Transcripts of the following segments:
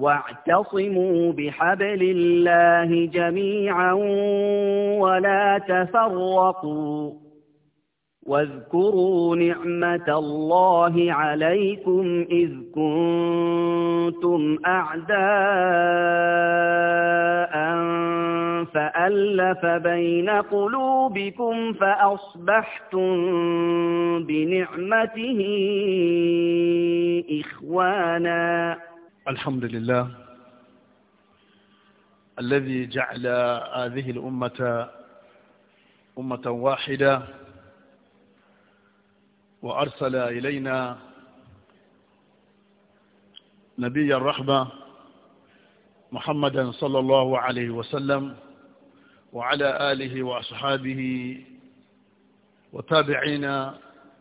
واعتصموا بحبل الله جميعا ولا تفرقوا واذكروا نعمة الله عليكم إذ كنتم أعداء فألف بين قلوبكم فأصبحتم بنعمته إخواناً الحمد لله الذي جعل هذه الأمة أمة واحدة وأرسل إلينا نبي الرحمة محمدا صلى الله عليه وسلم وعلى آله وأصحابه وتابعين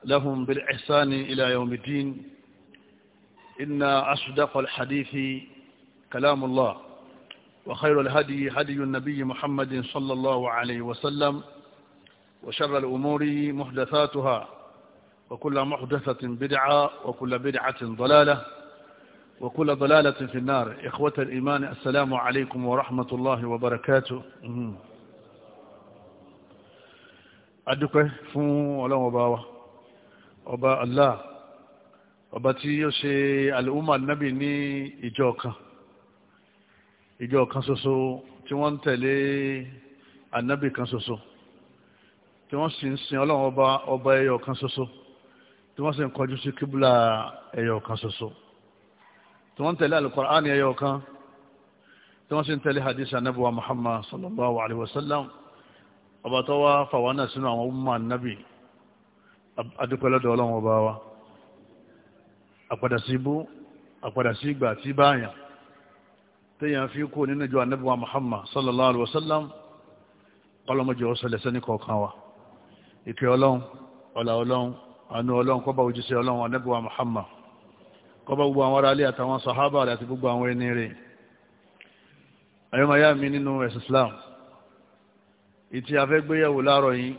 لهم بالإحسان إلى يوم الدين إن أصدق الحديث كلام الله وخير الهدي هدي النبي محمد صلى الله عليه وسلم وشر الأمور محدثاتها وكل محدثة بدعة وكل بدعة ضلالة وكل ضلالة في النار إخوة الإيمان السلام عليكم ورحمة الله وبركاته أدوك فو ولا وباوة وباء الله ọba tí yóò ṣe alùmọ̀ nábì ní ìjọ kan ìjọ kan ṣoṣo tí wọ́n ń tẹ̀lé ànábì kan ṣoṣo tí wọ́n sì ń sin ọlọ́run ọba ọba ẹyọ kan ṣoṣo tí wọ́n sì ń kọjú sí kíbùlà ẹyọ kan ṣoṣo tí wọ́n ń tẹ̀lé alùkọ̀ránì ẹyọ kan tí wọ́n sì ń tẹ̀lé hadith ànábì muhammad sallallahu alayhi wa sallam ọba tó wá fàwọn náà sínú àwọn ọmọ ànábì adúpẹ́lọ́dọ̀ ọlọ́run ọba wa àpàdà sí ibú àpàdà sí ìgbà tí báyàn téèyàn fi kú nínú ìjọ anábíwá Muhammad sallallahu alaihi wasallam ọlọ́mọdé ọ̀sẹ̀lẹ̀ sẹ́ni kọ̀ọ̀kan wa ìkẹ́ ọlọ́run ọ̀là ọlọ́run àánú ọlọ́run kọ́ba òjíṣẹ́ ọlọ́run anábíwá Muhammad kọ́ba gbogbo àwọn ará àtàwọn sàhábà àti gbogbo àwọn ẹni rẹ̀ ayọ́mayá mi nínú ẹ̀sìn Islam ìtì afẹ́gbéyàwó láàárọ̀ yìí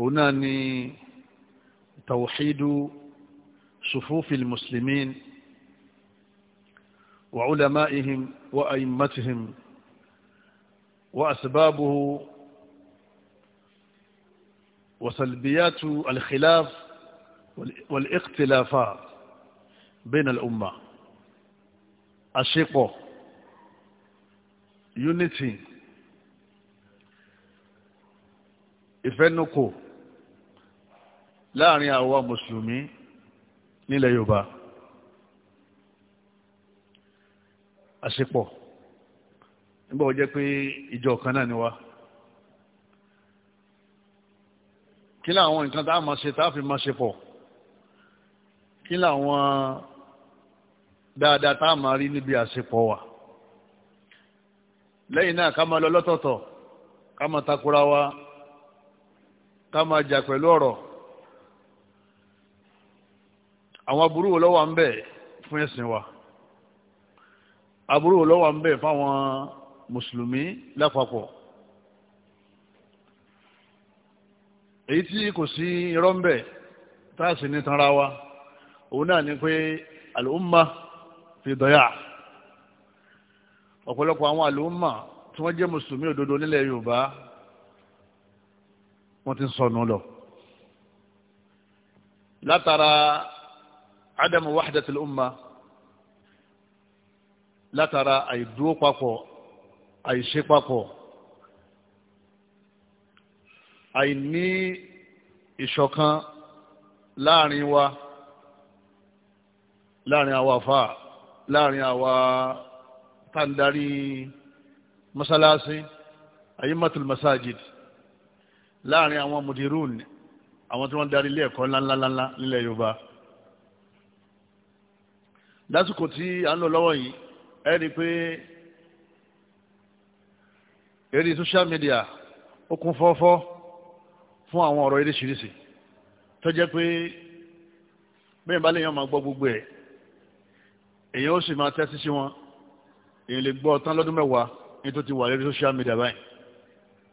òun náà ni tàwùhídù صفوف المسلمين وعلمائهم وأئمتهم وأسبابه وسلبيات الخلاف والاختلافات بين الأمة أشيقه يونيتي إفنكو لا أن àwa مسلمين nílẹ̀ Yorùbá àṣepọ̀ nígbà wọ́n pé ìjọ kan náà ni wá kí láwọn nǹkan tá a máa ṣe tá a fi máa ṣe pọ̀ kí láwọn dáadáa tá a máa rí níbi àṣepọ̀ wa lẹ́yìn náà ká máa lọ lọ́tọ̀ọ̀tọ̀ ká máa takora wa ká máa jà pẹ̀lú ọ̀rọ̀ àwọn aburú wo mbe wà ń fún ẹ̀sìn wa aburú wo mbe fa ń bẹ fáwọn mùsùlùmí lápapọ̀ èyí tí kò sí irọ́ ń bẹ tá a sì ní tanra wa òun náà ni pé àlùmá fi dọ̀yà ọ̀pọ̀lọpọ̀ àwọn àlùmá tí wọ́n jẹ́ mùsùlùmí òdodo nílẹ̀ Yorùbá wọ́n ti sọnù lọ látara adamu wahdatul umma látara àìdúró papọ̀ àìṣe papọ̀ àìní ìṣọ̀kan láàrin wa láàrin àwa fa láàrin àwa tàndarí masalasi ayimatul masajid láàrin àwọn mudirun àwọn tí wọ́n darí ilé ẹ̀kọ́ ńláńláńlá nílẹ̀ yorùbá lásìkò tí à ń lọ lọ́wọ́ yìí ẹ pé eré social media ó kún fọ́fọ́ fún àwọn ọ̀rọ̀ eréṣiríṣi tó jẹ́ pé bẹ́ẹ̀ bá léèyàn máa gbọ́ gbogbo ẹ̀ èèyàn ó sì máa tẹ́tí sí wọn èèyàn lè gbọ́ tán lọ́dún mẹ́wàá ní tó ti wà lórí social media báyìí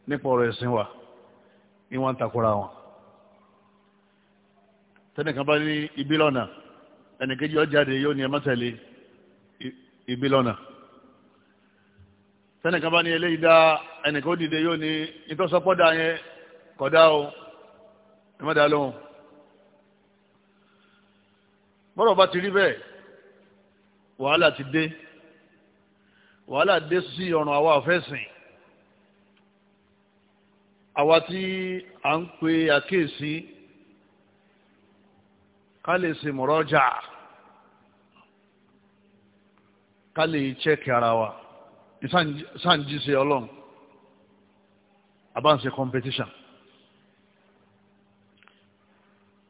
nípa ọ̀rọ̀ ẹ̀sìn wa ni wọ́n ń takora wọn tẹ́nìkan bá ní ibi lọ́nà ẹnìkejì ọjáde yóò ní ẹmọ́tẹ̀lé ibi lọ́nà tẹ́nìkan bá ní eléyìí dá ẹnìkan ó yóò ní ìtọ́sọpọ́dà yẹn kọ̀dá o ẹmọ́dà lóhùn bọ́rọ̀ bá ti rí bẹ́ẹ̀ wàhálà ti dé wàhálà dé sí ọ̀ràn àwa àfẹ́sìn àwa tí à ń pe àkíyèsí ka le ṣe mọ̀rọ́jà ká lè chẹ́kì wa ìsáǹjì ṣe ọlọ́run àbáǹṣe competition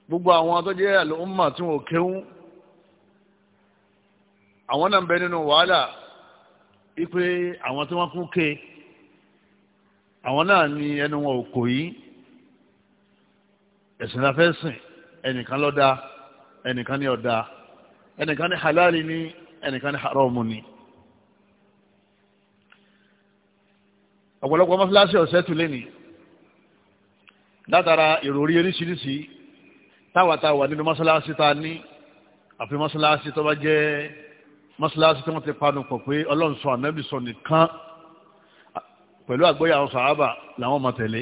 gbogbo àwọn tó jẹ́ tí wọ́n kéwú àwọn náà bẹ nínú wàhálà ipe àwọn tí wọ́n kú ké àwọn náà ní ẹnu wọn ò kò yí ẹ̀sìn la fẹ́ sìn ẹnìkan ẹnìkan ní ọ̀dá ẹnìkan ní halali ní ẹnìkan ní haramu ní ọ̀pọ̀lọpọ̀ mọ́fíláṣí ọ̀sẹ̀ tún lé ní látara ìròrí oríṣiríṣi táwàtáwà nínú mọ́sálásí ta ní àfi mọ́sálásí tó bá jẹ́ mọ́sálásí tó wọ́n ti panu pọ̀ pé ọlọ́run sọ ànábì sọ nìkan pẹ̀lú àgbóyà àwọn làwọn máa tẹ̀lé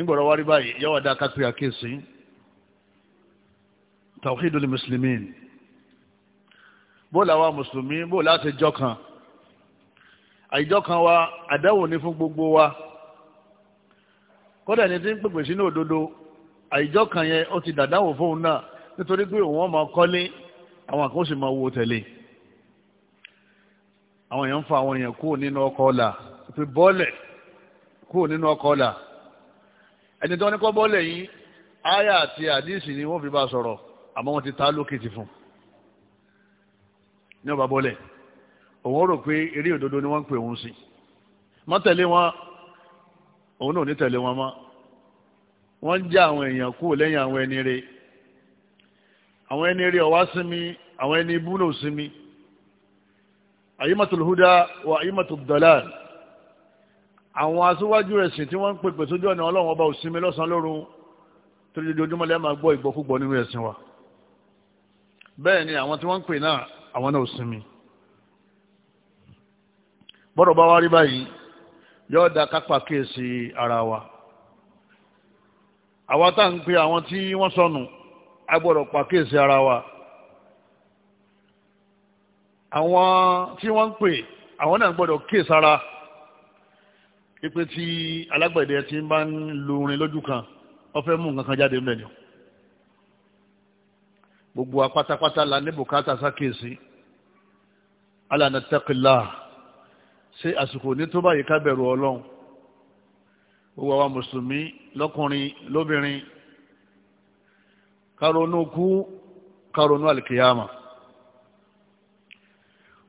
ńgbọ̀rọ̀ wárí báyìí yọ́wọ́ dá kásìrì àkíyèsí tawhidul muslimin bóòlù àwa mùsùlùmí bóòlù àti jọkan àìjọkan wa àdáwò ní fún gbogbo wa kódà ẹni tí ń pèpè sínú òdodo àìjọkan yẹn ó ti dàdáwò fóun náà nítorí pé òun ọmọ kọ́lé àwọn kan ó sì máa wo tẹ̀lé àwọn èèyàn ń fa àwọn èèyàn kúrò nínú ọkọ̀ ọ̀la pé bọ́ọ̀lẹ̀ kúrò nínú ọkọ̀ ọ̀la ẹni tó ní kọ́ bọ́ọ̀lẹ̀ yìí aya àti àdíìsì ni wọ́n fi bá sọ̀rọ̀ àmọ́ wọ́n ti ta lókìtì fún ní ọba bọ́ọ̀lẹ̀ òun rò pé eré òdodo ni wọ́n ń pè òun sí má tẹ̀lé wọn òun náà ní tẹ̀lé wọn mọ́ wọ́n ń àwọn èèyàn kú lẹ́yìn àwọn ẹni rẹ̀ àwọn ẹni rẹ̀ ọ̀wá sinmi àwọn ẹni ibú náà sinmi àyímọ̀tò lùhúdà wà àyímọ̀tò dọ̀láàlì àwọn aṣíwájú ẹ̀sìn tí wọ́n ń pè sójú ọ̀nà ọlọ́run ọba òsinmi lọ́sàn lóru torí ojoojúmọ́ lẹ́ẹ̀ máa gbọ́ ìgbọ́kúgbọ́ nínú ẹ̀sìn wa bẹ́ẹ̀ ni àwọn tí wọ́n ń pè náà àwọn náà òsinmi bá wá rí ara wa àwa tá ń pe àwọn tí wọ́n sọnù a gbọ́dọ̀ pa ara wa àwọn tí wọ́n ń pè àwọn náà gbọ́dọ̀ ipe tí alágbẹ̀dẹ ti bá ń lu irin lójú kan wọ́n fẹ́ mú nǹkan kan jáde ńbẹ̀ ni gbogbo wa pátápátá la ní bùkátà sákèsí alànà tẹ́kìlá ṣe àsìkò ní tó báyìí ká bẹ̀rù ọlọ́run gbogbo àwa mùsùlùmí lọ́kùnrin lóbìnrin karonú kú karonú alìkìyàmà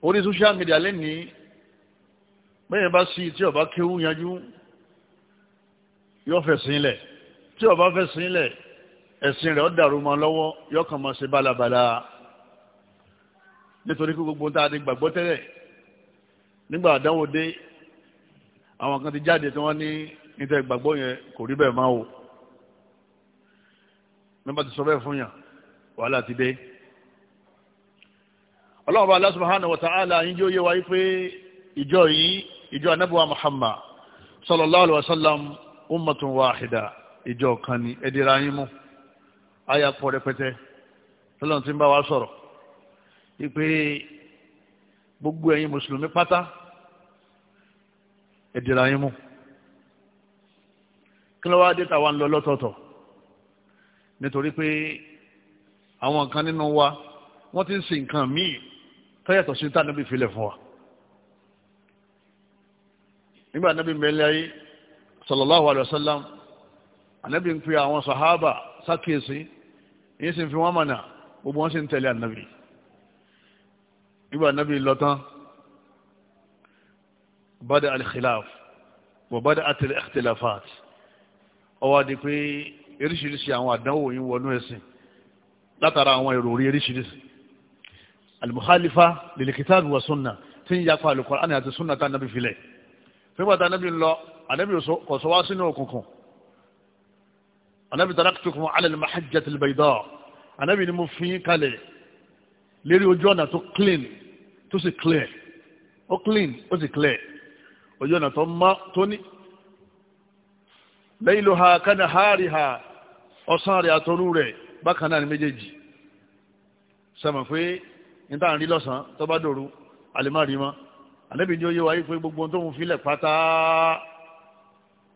orí social media lẹ́nìí bẹ́ẹ̀ bá sí tí ọba kéwú yanjú yóò fẹ̀ sílẹ̀ tí ọba fẹ̀ sílẹ̀ ẹ̀sìn rẹ̀ ó dàrú mọ́ lọ́wọ́ yóò kàn máa ṣe bálabàla nítorí kí gbogbo táà ti gbàgbọ́ tẹ́lẹ̀ nígbà àdánwò dé àwọn kan ti jáde tí wọ́n ní níta ìgbàgbọ́ yẹn kò rí bẹ́ẹ̀ máa wò nígbà tí sọ bẹ́ẹ̀ fún yàn wàhálà ti dé ọlọ́run bá Allah subhanahu wa ta'ala yín jẹ́ òye wáyé pé ìjọ yìí ìjọ anábíwá Muhammad sallallahu alaihi wasallam ummatun wahida ìjọ kan ni ẹdíra yín mú àyà pọ̀ rẹpẹtẹ tọ́lọ́n ti ń bá wa sọ̀rọ̀ ìpè gbogbo ẹ̀yin mùsùlùmí pátá ẹdíra yín mú kí ló wá dé tàwa ń lọ lọ́tọ̀ọ̀tọ̀ nítorí pé àwọn kan nínú wa wọ́n ti ń sin nǹkan míì tó sí tánàbí filẹ̀ fún wa nígbà anábì mẹ́lẹ́ ayé sallallahu alayhi wa sallam anábì ń pe àwọn sahaba sákèsí yìí sì ń fi wọ́n mọ̀nà gbogbo wọn sì ń tẹ̀lé anábì nígbà anábì lọ́tán bada al-khilaf wa bada al-ikhtilafat ọwọ́ adi pé eríṣiríṣi àwọn àdánwò yìí wọnú ẹ̀sìn látara àwọn èrò orí eríṣiríṣi al-mukhalifa wa sunna tí ń yapa al-Qur'an àti sunna tá a nàbí filẹ̀ nígbàtà anábì ń lọ anábì kò sọ wá sínú òkùnkùn anábì taraktukum ala al-mahajjati al-bayda anábì ni mo fi yín kalẹ̀ lérí ojú ọ̀nà tó clean tó sì clear ó clean ó sì clear ojú ọ̀nà tó mọ́ tó ní layluha kanahariha ọ̀sán rẹ̀ àtọ́rú rẹ̀ bákan náà ni méjèèjì sẹ́mọ̀ pé níta lọ́sàn-án tó bá dòru àlè má ànábì ni ó yé wa yìí pé gbogbo tó ń filẹ̀ pátá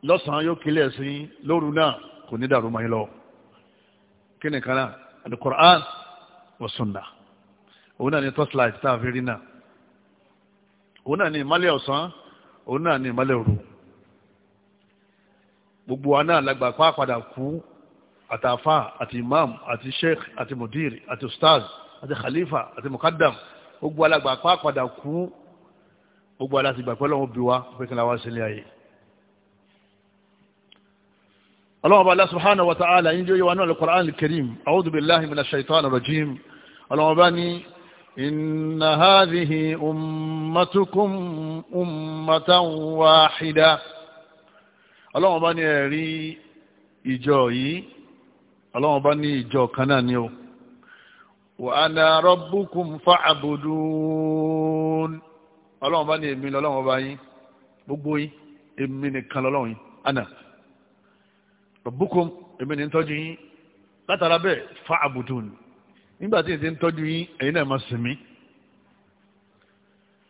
lọ́sàn-án yóò kílẹ̀ sí lóru náà kò ní dàrú mọ́ yín lọ kí ni kan náà alukur'an wa sunna òun náà ni torchlight tá a fi rí náà òun náà ni ìmálẹ̀ ọ̀sán òun náà ni ìmálẹ̀ òru gbogbo wa náà lágbà pa padà kú àtàfà àti imam àti sheikh àti mudir àti ustaz àti khalifa àti mukaddam gbogbo alágbà pa padà kú gbogbo aláti gbà pẹ́lú ọ̀hún bí wa pé kí n láwá sílé ayé ọlọ́run ọba Allah subhanahu wa ta'ala yín jẹ́ yíwa náà al-Qur'an al-Karim a'udhu billahi minash shaitanir rajim ọlọ́run ọba ní inna hadhihi ummatukum ummatan wahida ọlọ́run ọba ní ẹ̀rí ìjọ yìí ọlọ́run ọba ní ìjọ kan ni ó wa ana rabbukum fa'budun ọlọ́run bá ní èmi lọ́lọ́run ọba yín gbogbo yín èmi nìkan lọ́lọ́run yín ana rabbukum èmi ní ń tọ́jú yín látara bẹ́ẹ̀ fa àbùdùn nígbà tí èdè ń tọ́jú yín ẹ̀yin náà máa sìn mí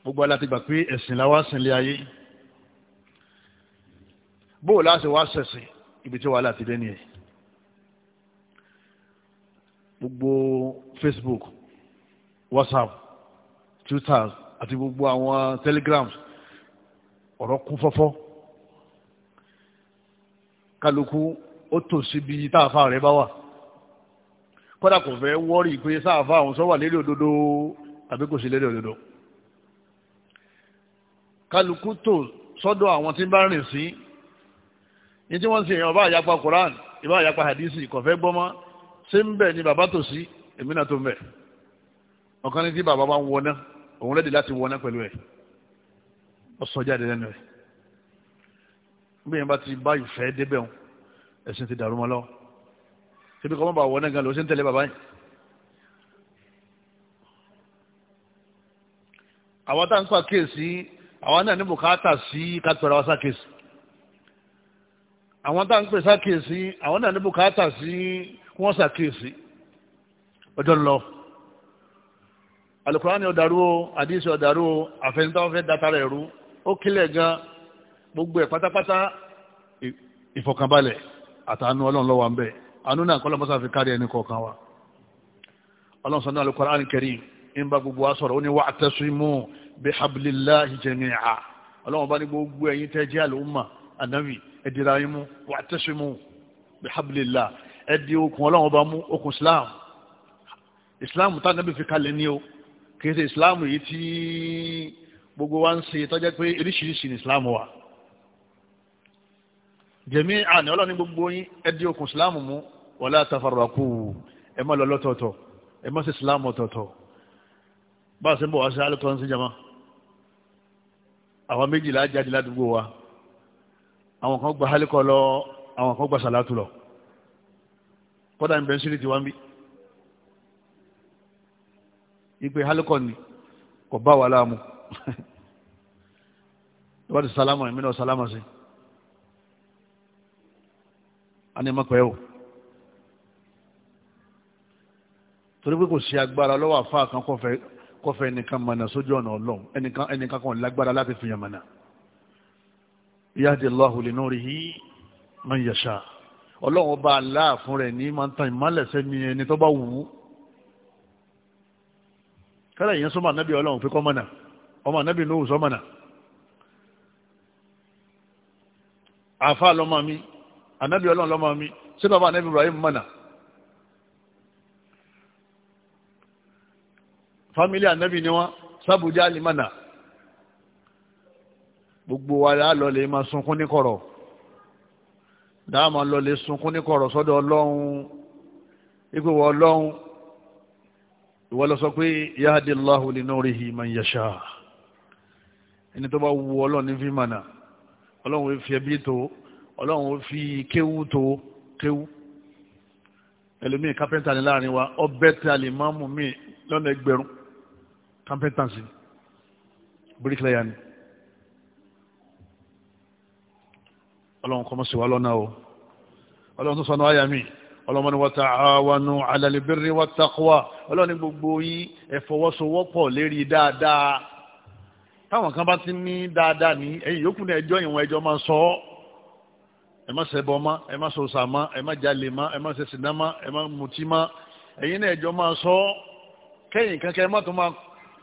gbogbo aláti gbà pé ẹ̀sìn láwá sìn ayé bóò láti wá sẹ̀sìn ibi tí wàhálà ti dé nìyẹn gbogbo Facebook WhatsApp Twitter àti gbogbo àwọn telegrams ọ̀rọ̀ kún fọ́fọ́ kálukú ó tò síbi táàfà rẹ̀ bá wà kódà kò fẹ́ wọ́rì pé sáàfà àwọn sọ wà lérí òdodo tàbí kò sí lérí òdodo kálukú tò sọ́dọ̀ àwọn tí ń bá rìn sí ní tí wọ́n ń ṣe ọba àyapa Quran ìbá àyapa hadisi kò fẹ́ gbọ́mọ́ ṣé ń bẹ̀ ni bàbá tòsí èmi náà tó ń bẹ̀ ọ̀kan ní tí bàbá bá ń wọná òun rẹ́dì láti wọná pẹ̀lú ẹ̀ ọ̀sọ̀ jáde lẹ́nu ẹ̀ bí yẹn bá ti bá ìfẹ́ débẹ̀ wọn ẹ̀sìn ti dàrú mọ́ lọ ṣébi kọ́ mọ́ bá wọná gan lọ sí ń tẹ̀lé bàbá yìí àwa tá à ń pa kéèsì àwa náà ní bùkátà sí kátìpẹ̀rẹ̀ wa sá kéèsì àwọn tá à ń pè sá kéèsì àwọn náà ní bùkátà sí wọ́n sá kéèsì ọjọ́ ń alukurani ọ̀dàrú o àdísì ọ̀dàrú o àfẹnitọ́ fẹ́ dátà rẹ̀ rú ó kílẹ̀ gan gbogbo ẹ̀ pátápátá ìfọ̀kànbalẹ̀ àtàánú ọlọ́run lọ́wọ́ àmbẹ̀ àánú náà kọ́lọ́ mọ́sá fi kárí ẹni kọ̀ọ̀kan wa ọlọ́run sọ náà alukurani karim ń bá gbogbo wa sọ̀rọ̀ ó ní wa'tasimu bihablillahi jami'a islam islam tá ànábì fi kì islam yìí tí gbogbo wa ń ṣe tọ́jẹ́ pé oríṣiríṣi ní islam wa jẹ̀mí àná ọlọ́ni gbogbo yín ẹdí okùn islam mú wala tafarraqu ẹ má lọ lọ́tọ̀ọ̀tọ̀ ẹ má ṣe islam ọ̀tọ̀ọ̀tọ̀ bá a ṣe ń bọ̀ wá sí alẹ́ tó ń ṣe jama àwọn méjìlá jáde ládùúgbò wa àwọn kan gba hálíkọ lọ àwọn kan gba sàlátù lọ kọ́dà ń bẹ́ ń sírí ń bí ìpè hálíkọ̀ ni kò bá wa láàmú tó bá ti sálámà ẹ̀mí náà sálámà sí a ní mọ́pẹ́ o torí pé kò sí agbára lọ́wọ́ àfáà kan kọfẹ́ ẹnìkan mọ̀nà sójú ọ̀nà ọlọ́run ẹnìkan kan lágbára láti fìyàn mọ̀nà yahdi Allahu li nurihi man yasha ọlọ́run ọba aláà fún rẹ̀ ní máa ń tan ìmọ̀lẹ̀sẹ̀ mi ẹni tó bá wù ú kọ́lá èèyàn súnmọ́ ànábì ọlọ́run fi kọ́mọ́nà ọmọ ànábì ló wù sọ́mọ́nà àfa lọ́mọ mi ànábì ọlọ́run lọ́mọ mi sí bàbá ànábì Ibrahim mọ́nà fámílì ànábì ni wọ́n sábùjá ni mọ́nà gbogbo wa la lọ lè máa sunkún ní kọ̀rọ̀ dáàmà lọ sunkún ní kọ̀rọ̀ sọ́dọ̀ ọlọ́run ipò ọlọ́run ìwọ lọ sọ pé yahadi allahu li nurihi man yasha ẹni tó bá wu ọlọ́run ní fi mànà ọlọ́run fi ẹbí tó ọlọ́run fi kéwú tó kéwú ẹlòmíì kápẹ́ntà ní láàrin wa ọbẹ̀ tí a lè máa mú mi lọ́nà ẹgbẹ̀rún kápẹ́ntà sí bíríkìlẹ́yà ni ọlọ́run kọ́mọ́sí wa lọ́nà o ọlọ́run tó sọ náà ayà míì ọlọ́mọdé wa ta'awanu 'ala al-birri wat-taqwa ọlọ́ni gbogbo yín ẹ fọwọ́sowọ́pọ̀ lérí dáadáa táwọn kan bá ti ní dáadáa ní ẹ̀yìn yòókù ní ẹjọ́ ìwọ̀n ẹjọ́ máa sọ ọ́ ẹ má ṣẹbọ mọ́ ẹ má sọ̀sà mọ́ ẹ má jalè mọ́ ẹ má ṣẹ̀sìnà mọ́ ẹ má mutí mọ́ ẹ̀yìn náà ẹjọ́ máa sọ ọ́ kẹ́yìn kankan ẹ má tó máa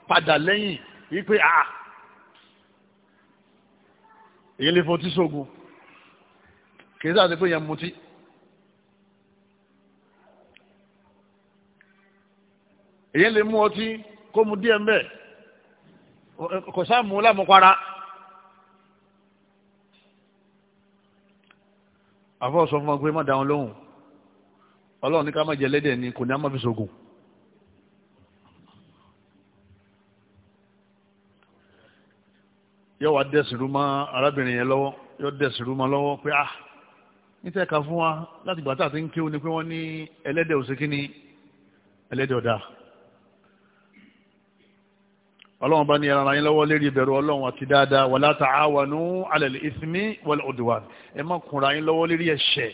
padà lẹ́yìn wípé a ah! èyí lè fọtí sógun kì í sáà ti pé yẹn mutí èyí lè mú ọtí kó mu díẹ̀ mbẹ́ kò sáàmù lámùpara. àfọwọ́ sọ fún wa pé má dáhùn lóhùn ọlọ́run ní ká má jẹ lẹ́dẹ̀ ni kò ní á má fi sògùn. yóò wá dẹ̀sìrú mọ́ arábìnrin yẹn lọ́wọ́ yóò dẹ̀sìrú mọ́ lọ́wọ́ pé ah nítẹ̀ ká fún wa láti gbà tá a ti ń kéwọn ni pé wọ́n ní ẹlẹ́dẹ̀ òsèkínní ẹlẹ́dẹ̀ ọ̀dà ọlọ́run bá ní ara yín lọ́wọ́ lérí ìbẹ̀rù ọlọ́run àti dáadáa wala ta'awanu 'ala al-ithmi wal-'udwan ẹ má kunra yín lọ́wọ́ lérí ẹ̀ṣẹ̀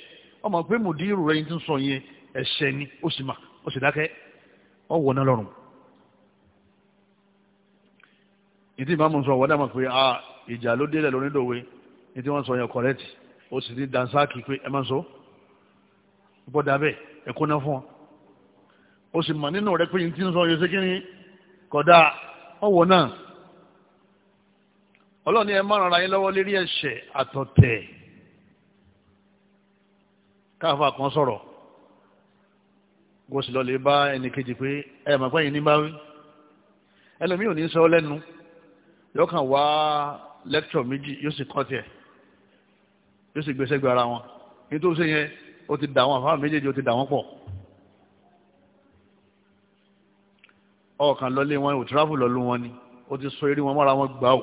ọmọ pé mùdírù rẹ̀ ti ń sọ yẹn ẹ̀ṣẹ̀ ni ó sì mà ó sì dákẹ́ ọ wọ náà lọ́rùn. ìdí ìmáàmù sọ wọ́n dàmọ̀ pé a ìjà ló délẹ̀ lónídòwe ní tí wọ́n sọ yẹn kọ̀rẹ́tì ó sì ní dansáàkì pé ẹ má sọ ó sì mà nínú ọwọ́ náà ọlọ́run ni ẹ má ràn ara yín lọ́wọ́ lérí ẹ̀ṣẹ̀ àtọ̀tẹ̀ káfa kan sọ̀rọ̀ gbọ́sí lọ́lẹ̀ bá ẹnì kejì pé ẹ mọ̀ pẹ́yìn ní báwí ẹlòmí ò ní sọ lẹ́nu yóò kàn wá lẹ́kítọ̀ méjì yóò sì kọ́ tiẹ̀ yóò sì gbèsè gbé ara wọn nítorí sẹ́yìn ó ti dà wọn àfáà méjèèjì ó ti dà wọn pọ̀. ọkàn lọlé wọn ò tíráfù lọlú wọn ni ó ti sọ eré wọn mọ́ra wọn gbà ó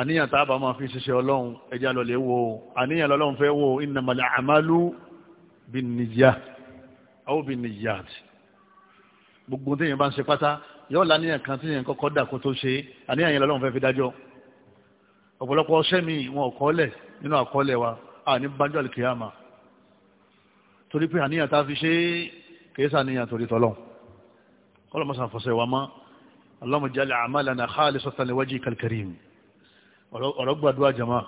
àníyàn tá a bá máa fi ṣiṣẹ́ ọlọ́run ẹja lọlé wo àníyàn lọ́lọ́run fẹ́ wo innamal a'malu binniyat aw binniyat gbogbo téèyàn bá ń ṣe pátá yóò láníyàn kan téèyàn kọ́kọ́ dà kó tó ṣe àníyàn yẹn lọ́lọ́run fẹ́ fi dájọ́ ọ̀pọ̀lọpọ̀ ọṣẹ́ mi wọn ò kọ́lẹ̀ nínú àkọọ́lẹ̀ wa àní bájọ́ àlùkìyàmà torí pé àníyàn tá a fi ṣe é kìí sàníyàn torí tọ́lọ́ ọlọ́mọsàn fọ́sẹ̀ wa mọ́ Allahumma ja'al a'malana khalisatan li wajhikal karim ọ̀rọ̀ gbàdúrà jama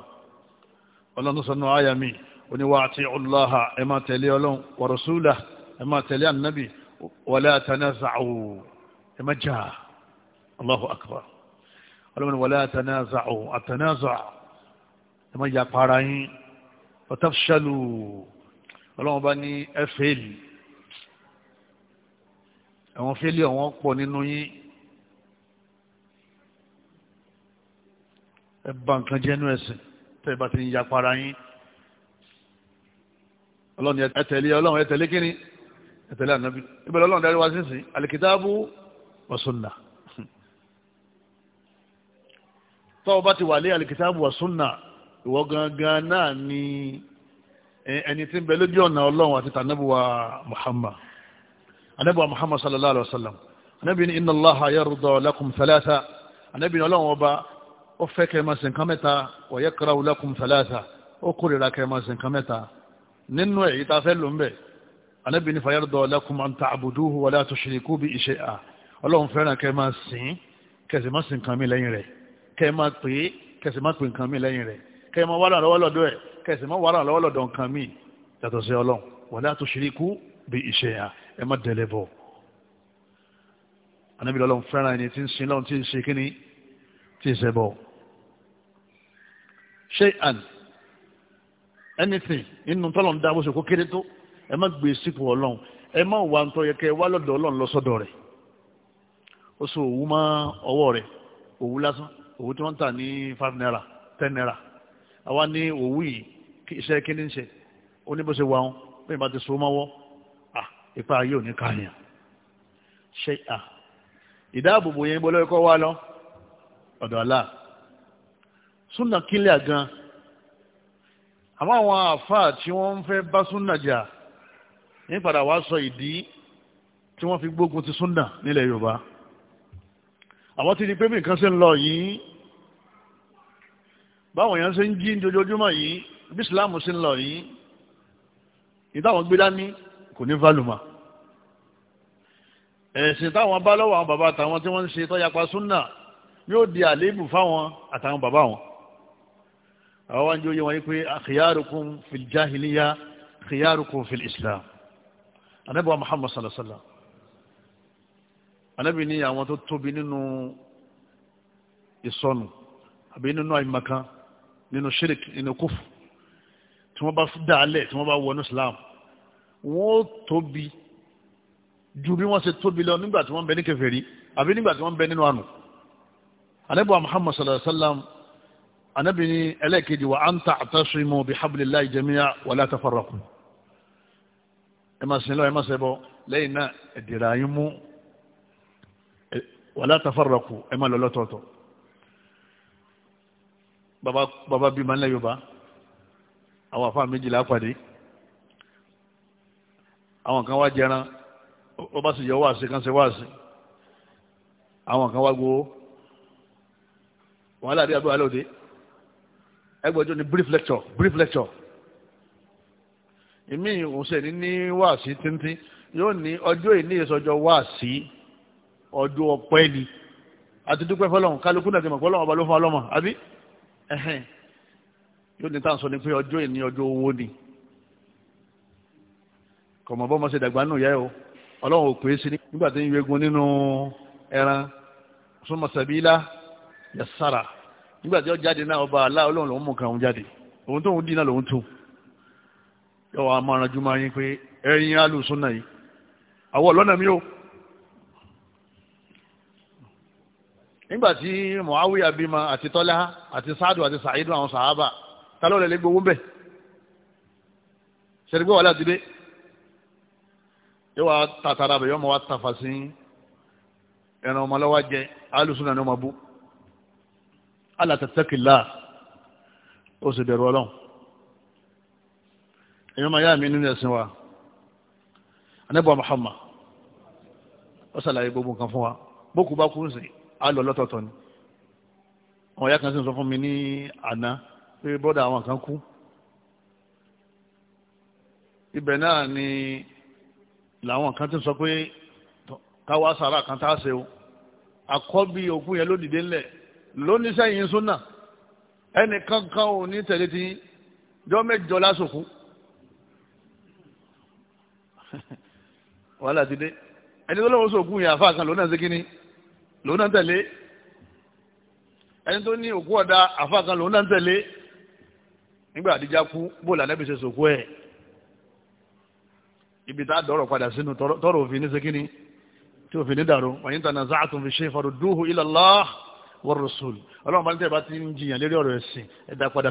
ọlọ́run sọ́nà àyà mi oní wa ati'u Allaha ẹ máa tẹ̀lé ọlọ́run wa rasulahu ẹ máa tẹ̀lé ànábì wala tanaza'u ẹ ọlọ́run bá ní ẹ fẹ́ẹ̀lì àwọn fẹ́ẹ̀lì àwọn pọ̀ nínú yín ẹ bá nǹkan jẹ́ nú ẹ̀sìn tẹ́ ẹ bá ti ń ya para yín ọlọ́run ẹ tẹ̀lé ọlọ́run ẹ tẹ̀lé kíni ẹ tẹ̀lé ànábì ibẹ̀ lọ́lọ́run darí wa sínsìn alikitaabu wa sunna tọ́wọ́ bá ti wà lé alikitaabu wa ìwọ gangan náà ni ẹni tí ń bẹ lójú ọ̀nà ọlọ́run àti tànàbùwà muhammad anábùwà muhammad sallallahu alaihi wasallam anábì ní inna allaha yarda lakum thalatha anábì ní ọlọ́run ọba ó fẹ́ kẹma sí nǹkan mẹ́ta wa yakrahu lakum thalatha ó kórìíra kẹma sí nǹkan mẹ́ta nínú èyí tá a fẹ́ lò ń bẹ̀ anábì ní fa yarda lakum an ta'buduhu wa la tushriku bihi shay'a ọlọ́run fẹ́ràn kẹma sí kẹsì lẹ́yìn rẹ̀ kẹma pé kẹsì má lẹ́yìn rẹ̀ kẹ́ ẹ mọ wàhálà lọ́wọ́ lọ́dọ̀ ẹ̀ kẹsì mọ wàhálà lọ́wọ́ nǹkan míì yàtọ̀ sí ọlọ́run wala tushriku bí iṣẹ́ yà ẹ má dẹ̀lẹ̀ bọ̀. anábìlẹ̀ ọlọ́run fẹ́ràn ẹni tí ń sin lọ́run tí ń ṣe kíní tí ń ṣe bọ̀. shay'an anything inú tọ́lọ̀ ń dá bó ṣe kó kéré tó ẹ má gbé sípò ọlọ́run ẹ má wà ń tọ́yẹ kẹ wá lọ́dọ̀ ọlọ́run lọ́sọ́dọ̀ rẹ̀ ó sọ òwú mọ́ ọwọ́ rẹ̀ òwú lásán òwú tí wọ́n ń tà ní five naira ten naira àwa ní òwú yìí iṣẹ́ kíní ń ṣe ó ní bó ṣe wà wọn bẹ́ẹ̀ bá ti so mọ́wọ́ à ipa ayé ò ní káàyàn ṣe à ìdáàbòbò yẹn bọ́ lọ́kọ́ wá lọ ọ̀dọ̀ àlá súnà kílẹ̀ gan àmọ́ àwọn àáfàá tí wọ́n ń fẹ́ bá súnà jà ní padà wá sọ ìdí tí wọ́n fi gbógun ti súnà nílẹ̀ yorùbá àwọn ti di pé bí nǹkan ṣe ń lọ yìí báwọn èèyàn ṣe ń jí dojoojúmọ́ yìí bí islam ṣe ń lọ yìí ìtàwọn gbé dání kò ní fálùmà ẹ̀sìn táwọn bá lọ́wọ́ àwọn bàbá àtàwọn tí wọ́n ń ṣe tọ́yapa súnà yóò di àléébù fáwọn àtàwọn bàbá wọn àwọn wá ń jó yé wọn yí pé khiyarukum fil jahiliya khiyarukum fil islam anabi wa muhammad sallallahu alaihi wa àwọn tó tóbi nínú ìsọnù àbí nínú àìmọ̀kan nínú shirik nínú kúfù tí wọ́n bá dá alẹ̀ tí wọ́n bá wọnú islam wọ́n tóbi ju bí wọ́n ṣe tóbi lọ nígbà tí wọ́n bẹ ní kèfèrí àbí nígbà tí wọ́n bẹ nínú àánú anabi wa muhammad sallallahu alaihi wa sallam anabi ni ẹlẹ́ẹ̀kejì wa an ta'tasimu bi hablillahi jami'a wa la tafarraqu ẹ máa sin lọ ẹ máa ṣe bọ lẹ́yìn náà ẹ̀dẹ̀rẹ̀ ayé mú wa la tafarraqu ẹ máa lọ lọ́tọ̀ọ̀tọ̀ bàbá bàbá bímọ yoba, yorùbá àwọn àfa méjìlá pàdé àwọn kan wá jẹran ó bá sì yọ wáàsí kan ṣe wáàsí àwọn kan wá gbowó wàhálà dé abúlé alóde ẹgbẹ́jọ́ ni brief lecture brief lecture ìmí ìwòsàn ni ní wáàsí tíntín yóò ní ọjọ́ ìní ìsọjọ́ wáàsí ọdún ọpẹ́ ni àti dúpẹ́ fọlọ́run kálukú náà ti mọ̀ fọlọ́run ọba ló fún ọlọ́mọ àbí. ẹ̀hìn yóò ní táwọn sọ ni pé ọjọ́ ìní ọjọ́ owó ni kọ̀mọ̀ bọ́ mọ́ ṣe dàgbà nù yẹ́ o ọlọ́run ò pè é sí nígbà tí ń yegun ẹran súnmọ́ sàbílá nígbà tí ó ọba àlá ọlọ́run lòún mú òun jáde òun náà lòún tún yọ wàá máa ranjú máa yín pé ẹ̀yin alùsùn náà yìí àwọ̀ nígbàtí muawiya bímọ àti tọ́lá àti sáàdù àti sàáìdù àwọn sàhábà tálọ́ lẹ́lẹ́ gbowó bẹ̀ ṣẹ̀rìgbọ́ wà láti dé yóò wá tàtàrà bẹ̀ yọ́mọ wá tàfà sí ẹran ọmọ lọ́wọ́ jẹ alùsùnà ní ọmọ bú alàtàtàkìlá ó sì bẹ̀rù ọlọ́run èyàn máa yá mi nínú ẹ̀sìn wa anábọ̀ Muhammad ó gbogbo nǹkan fún wa bókù bá kú sí á lọ lọ́tọ̀ọ̀tọ̀ ni àwọn ìyá kan sì ń sọ fún mi ní àná pé bọ́dà àwọn kan kú ibẹ̀ náà ni làwọn kan ti sọ pé káwá sàrà kan tá a ṣe o àkọ́bí òkú yẹn ló dìde ńlẹ̀ lóníṣẹ́yìn súnà ẹnì kankan ò ní tẹ̀lé ti jọ mẹ́jọ lásòkú wàhálà ti dé ẹni tó lọ́wọ́ sòkú yẹn àfa kan lónà sí kínní. lòun náà tẹ̀lé ẹni tó ní òkú ọ̀dà àfa kan lòun náà tẹ̀lé nígbà àdíjà kú bóòlù ṣe sòkú ẹ̀ ibi tá a dọ̀rọ̀ padà sínú tọrọ òfin ní sekínì tí òfin ní dàrú wàyí tànà za'atun fi ila Allah war ọlọ́run bá ní tẹ̀ ti ń jiyàn lérí ọ̀rọ̀ ẹ̀sìn padà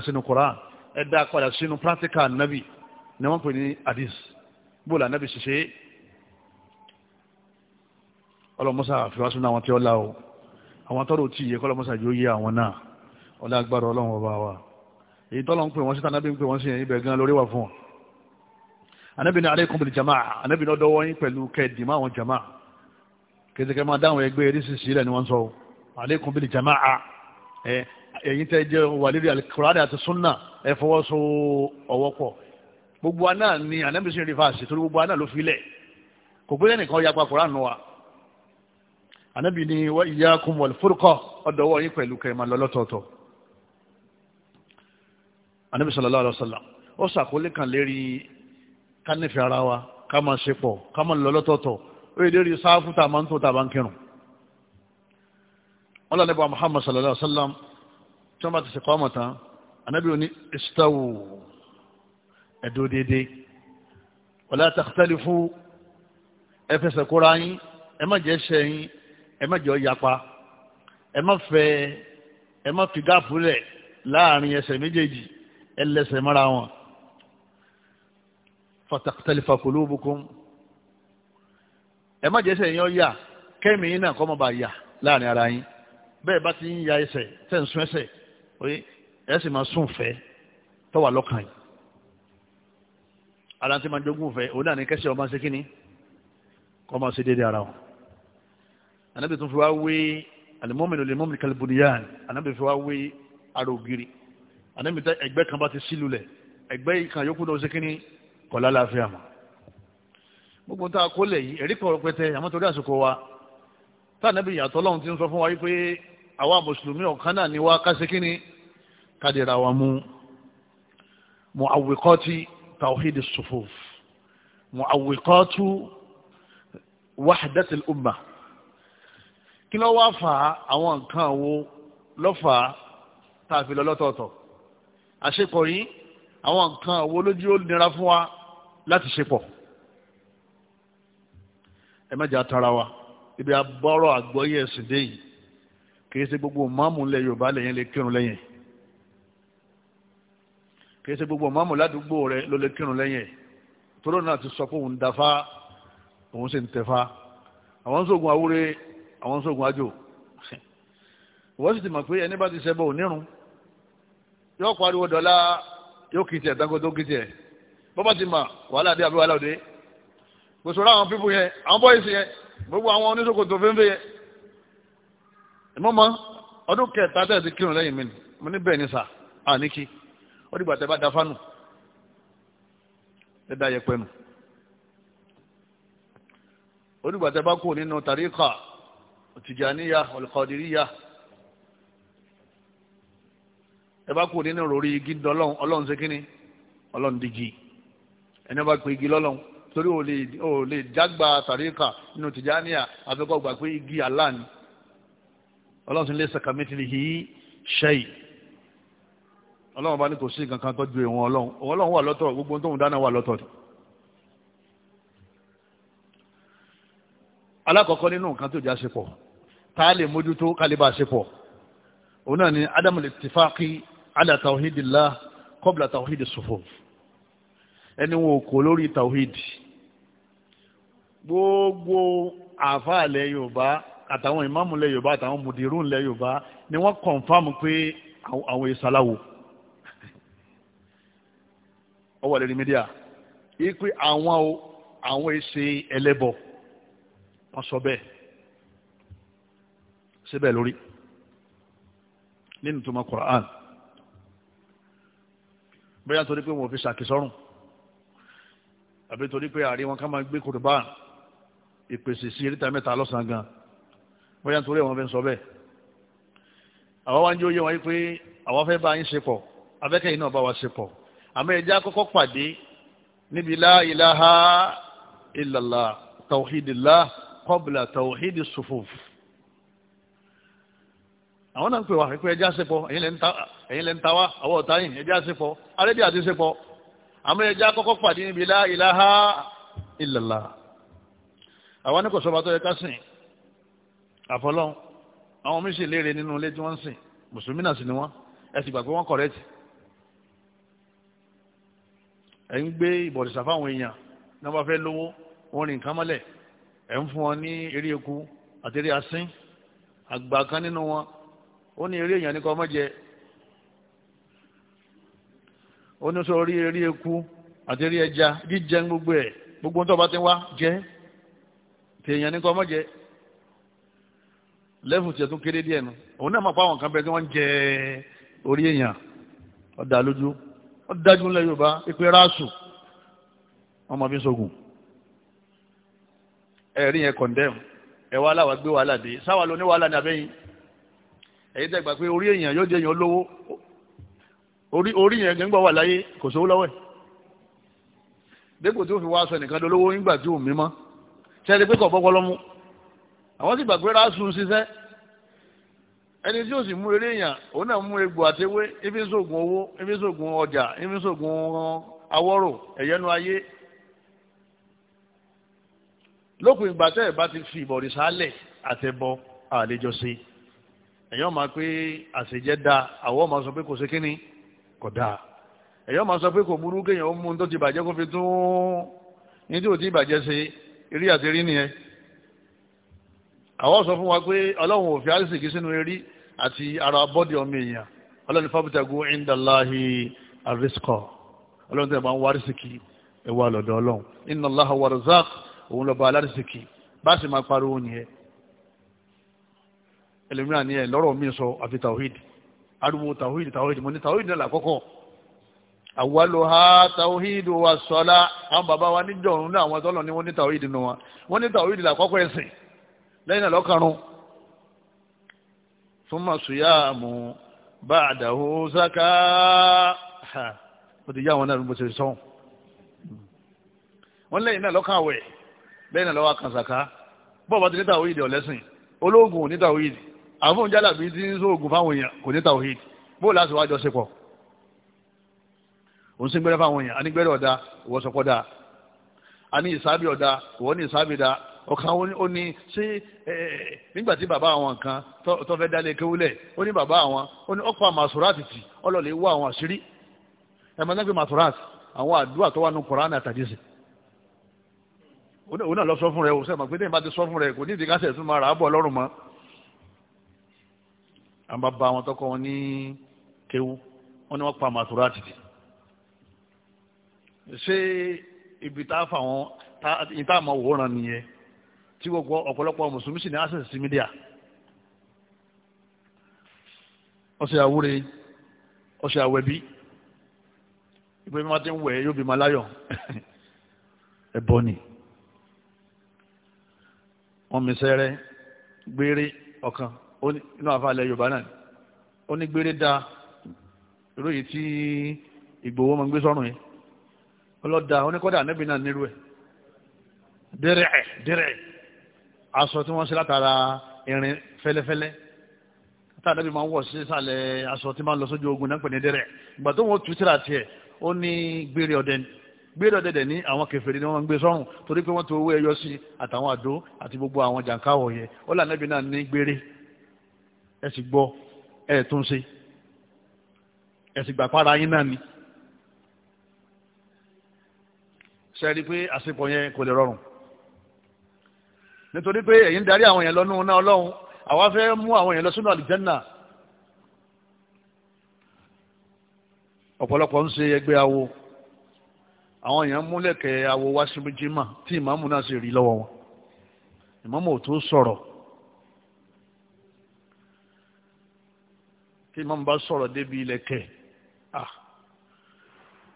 sínú padà nabi ni wọ́n pè ní bóòlù ọlọ́mọ́sá fìwásún náà wọn tí ó lá o àwọn tọ́rọ tí ìyẹ kọ́lọ́mọ́sá yóò yé àwọn náà ọlá ọlọ́run ọba wa èyí tọ́lọ́ ń pè wọ́n sí tànàbí ń pè wọ́n sí ẹ̀yìn ibẹ̀ lórí wà fún wọn anábì ní alaykum bil jamaa anábì ní ọdọ́wọ́ yín pẹ̀lú kẹ́ẹ̀dì má àwọn jamaa kẹ́sìkẹ́ máa dáhùn ẹgbẹ́ eré sísì rẹ̀ ni wọ́n sọ jamaa ẹ̀yin tẹ́ jẹ́ wà lórí alukurani àti sunna ẹ ni anábì sí rí fáàsì torí gbogbo aná ló filẹ̀ ànábì ni wa iyyakum wal furqa ọ̀dọ̀wọ́ yín pẹ̀lú kẹrìmà lọ́lọ́tọ̀ọ̀tọ̀ ànábì sallallahu alaihi wasallam ó sàkólé kan lérí ká nífẹ̀ẹ́ ara wa ká máa ṣe pọ̀ ká máa lọ́lọ́tọ̀ọ̀tọ̀ ó yẹ lérí sáfù tá a máa ń tó tá a bá ń kírun wọ́n lọ́nà ìbá Muhammad sallallahu alaihi wasallam tí wọ́n bá ti sèkọ́ ọmọ tán ànábì ní istawu ẹ̀dọ́ déédéé wala takhtalifu ẹ̀fẹsẹ̀ kóra yín ẹ má jẹ́ ṣẹ́yìn ẹ má jọ yapa ẹ má fẹ́ ẹ má fi gáàpù lẹ̀ láàrin ẹsẹ̀ méjèèjì ẹ lẹ́sẹ̀ mọ́ra wọn fatakhtalifa qulubukum ẹ má jẹ́ ẹsẹ̀ yẹn ọ yà kẹ́mi yín náà kọ́ mọ́ bá yà láàrin ara yín bẹ́ẹ̀ bá ti ń ya ẹsẹ̀ tẹ̀ ń sún ẹsẹ̀ oye ẹ sì máa sún fẹ́ tọ́wà lọ́kàn yìí aláǹtí máa jogún fẹ́ òun náà ní kẹ́sì ọmọ ṣe kíni kọ́ máa ṣe déédéé ara wọn anábì tún fi wá wé alimọ́mìnì olèmọ́mìnì kalibuniyan anábì fi wá wé ara ògiri anábì tẹ ẹgbẹ́ kan bá ti sílu lẹ̀ ẹgbẹ́ kan yókù náà ṣe kíní kọ̀lá láàfin àmọ́ gbogbo tá a kó lẹ̀ yìí ẹ̀rí kọ̀ pẹ́tẹ́ àmọ́ torí àsìkò wa tá anábì yàtọ̀ lọ́hùn ti ń sọ fún wa wípé àwa mùsùlùmí ọ̀kan náà ni wá ká ṣe kíní wa mú mu àwìkọ́tì tawhid sufuf mu àwìkọ́tù wahdatil ummah kí ló wá fà á àwọn nǹkan wo ló fà á tá a fi lọ lọ́tọ̀ọ̀tọ̀ àṣepọ̀ yìí àwọn nǹkan wo lójú ó nira fún wa láti ṣepọ̀ ẹ mẹ́jà tara wa ibi abọ́rọ̀ àgbọ́yé ẹ̀sìn dé yìí kì í ṣe gbogbo mọ́mù lẹ yorùbá lẹ́yìn lè kírun lẹ́yìn kì í ṣe gbogbo mọ́mù ládùúgbò rẹ ló lè kírun lẹ́yìn tóró náà ti sọ pé òun dáfá òun sì ń tẹ̀fá àwọn sóògùn àwúre àwọn sógun àjò wọ́n sì ti mọ̀ pé ẹni bá ti ṣẹbọ onírun yóò pariwo dọ́là yóò kìtì ẹ̀ dáńgó tó kìtì ẹ̀ bọ́bá ti mà wàhálà dé àbí wàhálà òde kò sọ̀rọ̀ àwọn pípù yẹn àwọn bọ́ìsì yẹn gbogbo àwọn oníṣòkòtò fẹ́ńfẹ́ yẹn ẹ̀mọ́ mọ́ ọdún kẹta tẹ̀ ti kírun lẹ́yìn mi ni mo ní bẹ́ẹ̀ ni sà àníkí ó dìgbà tẹ́ bá da fánù ẹ da yẹpẹ nù ó dìgbà tẹ́ bá kú nínú tàríkà tìjàníyà ọ̀lùkọ̀dìríyà ẹ bá kú nínú òròrí igi dọ́lọ́n ọlọ́run ṣe kíni ọlọ́run díjì ẹni bá pe igi lọ́lọ́run torí ò lè jágba tàríkà nínú tìjàníyà afẹ́kọ̀ gbà pé igi Allah ni ọlọ́run lè sàkàmẹ́tìlì yìí ṣẹ́yì ọlọ́run bá ní kò sí nǹkan kan tọ́jú ìwọ̀n ọlọ́run ọlọ́run wà lọ́tọ̀ gbogbo tóun dáná wà lọ́tọ̀ alákọ̀ọ́kọ́ nínú nǹkan tó já ṣe tá a lè mójútó kálíbà sípò òun náà ni adamu ittifaqi ala tawhidillah qabla tawhid sufuf ẹni wọn kò lórí tawhid gbogbo àfáàlẹ̀ yorùbá àtàwọn ìmáàmùlẹ̀ yorùbá àtàwọn mùdírùnlẹ̀ yorùbá ni wọ́n kọ̀nfàmù pé àwọn ìsàláwò ọwọ́ lẹ́ni mídíà yìí àwọn àwọn èsè ẹlẹ́bọ̀ wọ́n sọ bẹ́ẹ̀ síbẹ̀ lórí nínú tó mọ Qur'an bóyá torí pé wọn fi ṣàkísọ́rùn àbí torí pé àrí wọn ká máa gbé kùrùbá ìpèsè sí eríta mẹ́ta lọ́sàn-án gan bóyá torí wọn fi ń sọ bẹ́ẹ̀ àwọn wá ń jẹ́ òye wọn yí pé àwọn fẹ́ bá yín ṣe pọ̀ abẹ́kẹ̀yìn náà bá wa ṣe pọ̀ àmọ́ ẹ̀jẹ̀ akọ́kọ́ pàdé níbi la ilaha illallah tawhidillah qabla tawhidi àwọn náà ń pè wá pé ẹjẹ́ àṣepọ̀ ẹ̀yin lẹ́ ń ta wá àwọ̀ ọ̀tá yìí ẹjẹ́ àṣepọ̀ arẹ́bí àti ṣepọ̀ àmọ́ ẹjẹ́ àkọ́kọ́ pàdé níbi la ilaha illallah àwọn ní kò sọba tó yẹ ká sìn àfọlọ́n àwọn mí sì léèrè nínú ilé tí wọ́n ń sìn mùsùlùmí náà sì ni wọ́n ẹ sì gbà pé wọ́n kọ̀rẹ́tì ẹ̀ ń gbé ìbọ̀dìsà fáwọn èèyàn náà bá fẹ́ lówó wọ́n rìn nǹkan mọ́lẹ̀ ẹ̀ ń fún wọn ní eré eku àti eré asín àgbà kan nínú wọn ó ní eré èèyàn ní kọ́ mọ́jẹ ó ní sọ orí eré eku àti eré ẹja jíjẹ gbogbo ẹ̀ gbogbo tó bá ti wá jẹ́ tèèyàn ní kọ́ mọ́jẹ lẹ́fù tiẹ̀ tún kéré díẹ̀ nu òun náà máa pa àwọn kan bẹ́ẹ̀ tí wọ́n ń jẹ orí èèyàn ọ̀dà lójú ọ̀dájú ńlẹ̀ Yorùbá ìpè ráàsù wọ́n fi ń sọ̀gùn ẹ̀rí yẹn kọ̀ndẹ́m ẹ̀ wàhálà wà gbé wàhálà dé sáwà lóní wàhálà ní abẹ́yìn ẹ̀yin dẹ́gbà pé orí èèyàn yóò jẹ́ èèyàn lówó orí orí yẹn gbẹ́ngbà wà láyé kò sówó lọ́wọ́ ẹ̀ dépò tí ó fi wá aṣọ nìkan dolówó nígbà tí ò mímọ́ sẹ́ni pé kọ̀ bọ́kọ́ lọ́mú àwọn sì gbàgbé ráṣù ń ṣiṣẹ́ ẹni tí ó sì mú eré èèyàn òun náà mú egbò àtewé ibi ń sògùn owó ibi ń sògùn ọjà ibi ń sògùn awọ́rò ẹ̀yẹ́nu ayé lópin ìgbà tẹ́ ẹ̀ bá ti fi ìbọ̀rìṣà lẹ̀ àtẹ̀bọ àlejò sí i. ẹ̀yọ́ máa pé àṣejẹ́ da àwọ̀ máa sọ pé kò ṣe kò ẹ̀yọ́ máa sọ pé kò burú kéèyàn ó mú un tó ti bàjẹ́ kó fi tún ní tí ò ti bàjẹ́ ṣe eré àti eré nìyẹn àwọn sọ fún wa pé ọlọ́run ò fi àrísìkí sínú eré àti ara bọ́dì ọmọ èèyàn ọlọ́run fábítàgù indalahi arisikọ ọlọ́run tẹ̀ máa ń wá àrísìkí ẹ̀wà lọ́dọ̀ ọlọ́run inna òun lọ́ba alárísìkí bá ẹlòmíràn ni ẹ lọ́rọ̀ mi sọ àfi tawhid ariwo tawhid tawhid mo ní tawhid náà làkọ́kọ́ àwàlùhà tawhid wa sọlá àwọn bàbá wa níjọ òun náà àwọn tọ́lọ̀ ni wọ́n ní tawhid nù wọn wọ́n ní tawhid làkọ́kọ́ ẹ̀sìn lẹ́yìn náà lọ́kàrún thumma siyamu ba'dahu zaka ó ti yá àwọn náà bó ṣe sọ wọ́n lẹ́yìn náà lọ́kàn àwẹ̀ lẹ́yìn náà lọ́wọ́ àkànṣàká bọ́ọ̀ bá ti ní tawhid ọ̀lẹ́sìn ológun ò ní tawhid àfún jálàbí tí ń sóògùn fáwọn èèyàn kò ní tawhid bó láti wájọ sí pọ̀ òun sí gbẹ́rẹ́ fáwọn èèyàn a ní gbẹ́rẹ́ ọ̀dá ìwọ sọpọ̀ dáa a ní ìsáàbì ọ̀dá ìwọ ní ìsáàbì dáa ọ̀kan ó ní sí nígbà tí bàbá àwọn kan tó fẹ́ dálé kéwúlẹ̀ ó ní bàbá àwọn ó ní ọ̀pọ̀ àmàsùráàtì tì ọlọ́lẹ̀ wọ àwọn àṣírí ẹ̀mọ́ náà gbé màsùráàtì àwọn àdúrà tó wà nù Kùránì àtàdísì òun náà lọ sọ fún rẹ òun sẹ́mọ̀ pé àwọn bàbá wọn tọkọ wọn ní kéwú wọn ni wọn pa màtúrà tìtì ṣé ibi tá a fà wọn ìta àmọ́ wòran nìyẹn tí gbogbo ọ̀pọ̀lọpọ̀ mùsùlùmí sì ní access sí mídíà ọ̀sẹ̀ àwúre ọ̀sẹ̀ àwẹ̀bí ìpè bí wọ́n ti ń wẹ̀ yóò bí ma láyọ̀ ẹ̀bọ ni wọ́n mi sẹ́rẹ́ gbére ọ̀kan inú àfàlẹ̀ yorùbá náà ó ní gbére da irú yìí tí ìgbòho máa ń gbé sọ́rùn yìí ọlọ́dà oníkọ́dà ànábì náà nírú ẹ̀ dẹ́rẹ̀ dẹ́rẹ̀ aṣọ tí wọ́n ṣe látara irin fẹ́lẹ́fẹ́lẹ́ tá ànábì máa ń wọ̀ sí sàlẹ̀ aṣọ tí máa ń lọ sójú ogun náà pè ní dẹ́rẹ̀ ìgbà tó wọ́n tu tíra tiẹ̀ ó ní gbére ọdẹ gbére ọdẹ dẹ̀ ní àwọn kèfèrí ni wọ́n gbé sọ́rùn torí pé wọ́n ti owó ẹyọ sí àtàwọn àdó àti gbogbo àwọn jàǹkáwọ̀ yẹ ó là ànábì náà ní gbére ẹ sì gbọ́ ẹ tún ṣe ẹ sì gbà para yín náà ni sẹ́ẹ̀rí pé àsepọ̀ yẹn kò lè rọrùn nítorí pé ẹ̀yin darí àwọn yẹn lọ́nú náà ọlọ́run àwa fẹ́ mú àwọn yẹn lọ sínú àlìjẹ́nà ọ̀pọ̀lọpọ̀ ń ṣe ẹgbẹ́ awo àwọn yẹn múlẹ̀kẹ̀ awo wá síbi jimá tí ìmáàmù náà sì rí lọ́wọ́ wọn ìmáàmù ò tó sọ̀rọ̀ tí màmú bá sọ̀rọ̀ débi ilẹ̀ kẹ̀ ah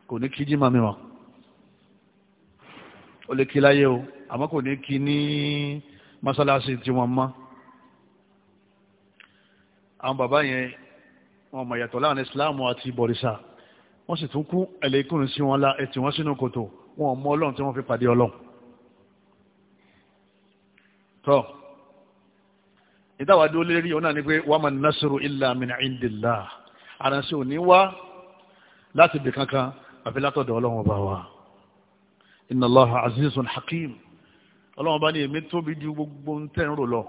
kò ní kí jimá mẹ́wàá ó lè kí láyé o àmọ́ kò ní kí ní mọ́sálásí tí wọ́n mọ́ àwọn bàbá yẹn wọn mọ̀ yàtọ̀ láàrin islamu àti bọ̀rìṣà wọ́n sì tún kú ẹlẹ́kùnrin sí wọn la ẹtì wọn sínú kòtò wọn mọ ọlọ́run tí wọ́n fi pàdé ọlọ́run ìtawà dúró lérí òun náà ni pé wa man nasru illa min indillah àránṣẹ́ òní wá láti bì kankan àfi látọ̀dọ̀ ọlọ́run ọba wa inna Allaha azizun hakim ọlọ́run ọba ní èmi tóbi ju gbogbo ń tẹ̀ ń rò lọ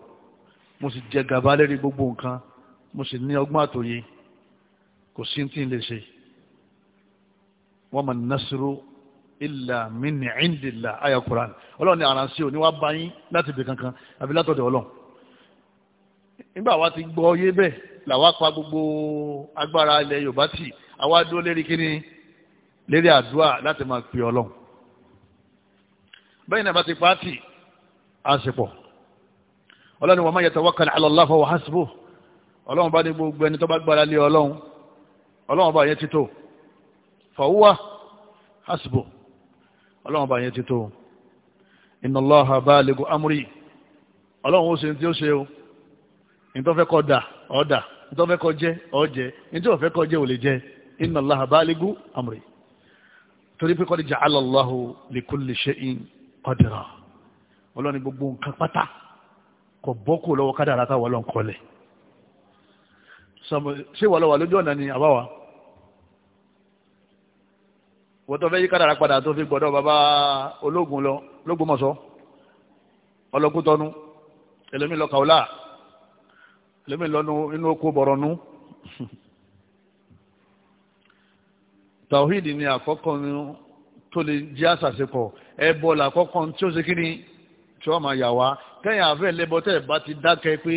mo sì jẹ gàba lérí gbogbo nǹkan mo sì ní ọgbọ́n àtòyè kò sí tí ń lè ṣe wa man nasru illa min indillah àyà Qur'an ọlọ́run ní àránṣẹ́ òní wá báyín láti bì kankan àfi látọ̀dọ̀ ọlọ́run nígbà wa ti gbọ́ yé bẹ́ẹ̀ làwa pa gbogbo agbára ilẹ̀ yorùbá tì àwa dúró lérí kíní lérí àdúrà láti máa pè ọlọ́run bẹ́ẹ̀ náà bá ti pàtì àṣepọ̀ ọlọ́run wa man yatawakkal ala Allah fa huwa ọlọ́run bá ní gbogbo ẹni tó bá gbára lé ọlọ́run ọlọ́run bá yẹn ti tó fa huwa ọlọ́run bá yẹn ti tó inna Allaha balighu amri ọlọ́run ó ṣe tí ó ṣe o. ìtọ́fẹ́ kọ́ dà ọ́ dà ìtọ́fẹ́ kọ́ jẹ́ ọ́ jẹ́ ìtọ́fẹ́ kọ́ jẹ́ ò jẹ́ amri torí pé ja'ala Allahu li kulli shay'in qadra ọlọ́ni gbogbo nǹkan pátá kò bọ́kù lọ́wọ́ kádàrá táwọn ọlọ́n ṣé wà lójú ọ̀nà ni wọ́n fẹ́ yí padà tó fi gbọ́dọ̀ bàbá ológun lọ lọ lẹ́mí lọ́nu inú oko bọ̀rọ̀nú tawhid ni àkọ́kọ́ tó lè jẹ́ àṣàṣepọ̀ ẹbọ làkọ́kọ́ tí ó ṣe kí ni tí wọ́n máa yà wá kẹ́yìn àfẹ́ lẹ́bọ tẹ́ ẹ̀ bá ti dákẹ́ pé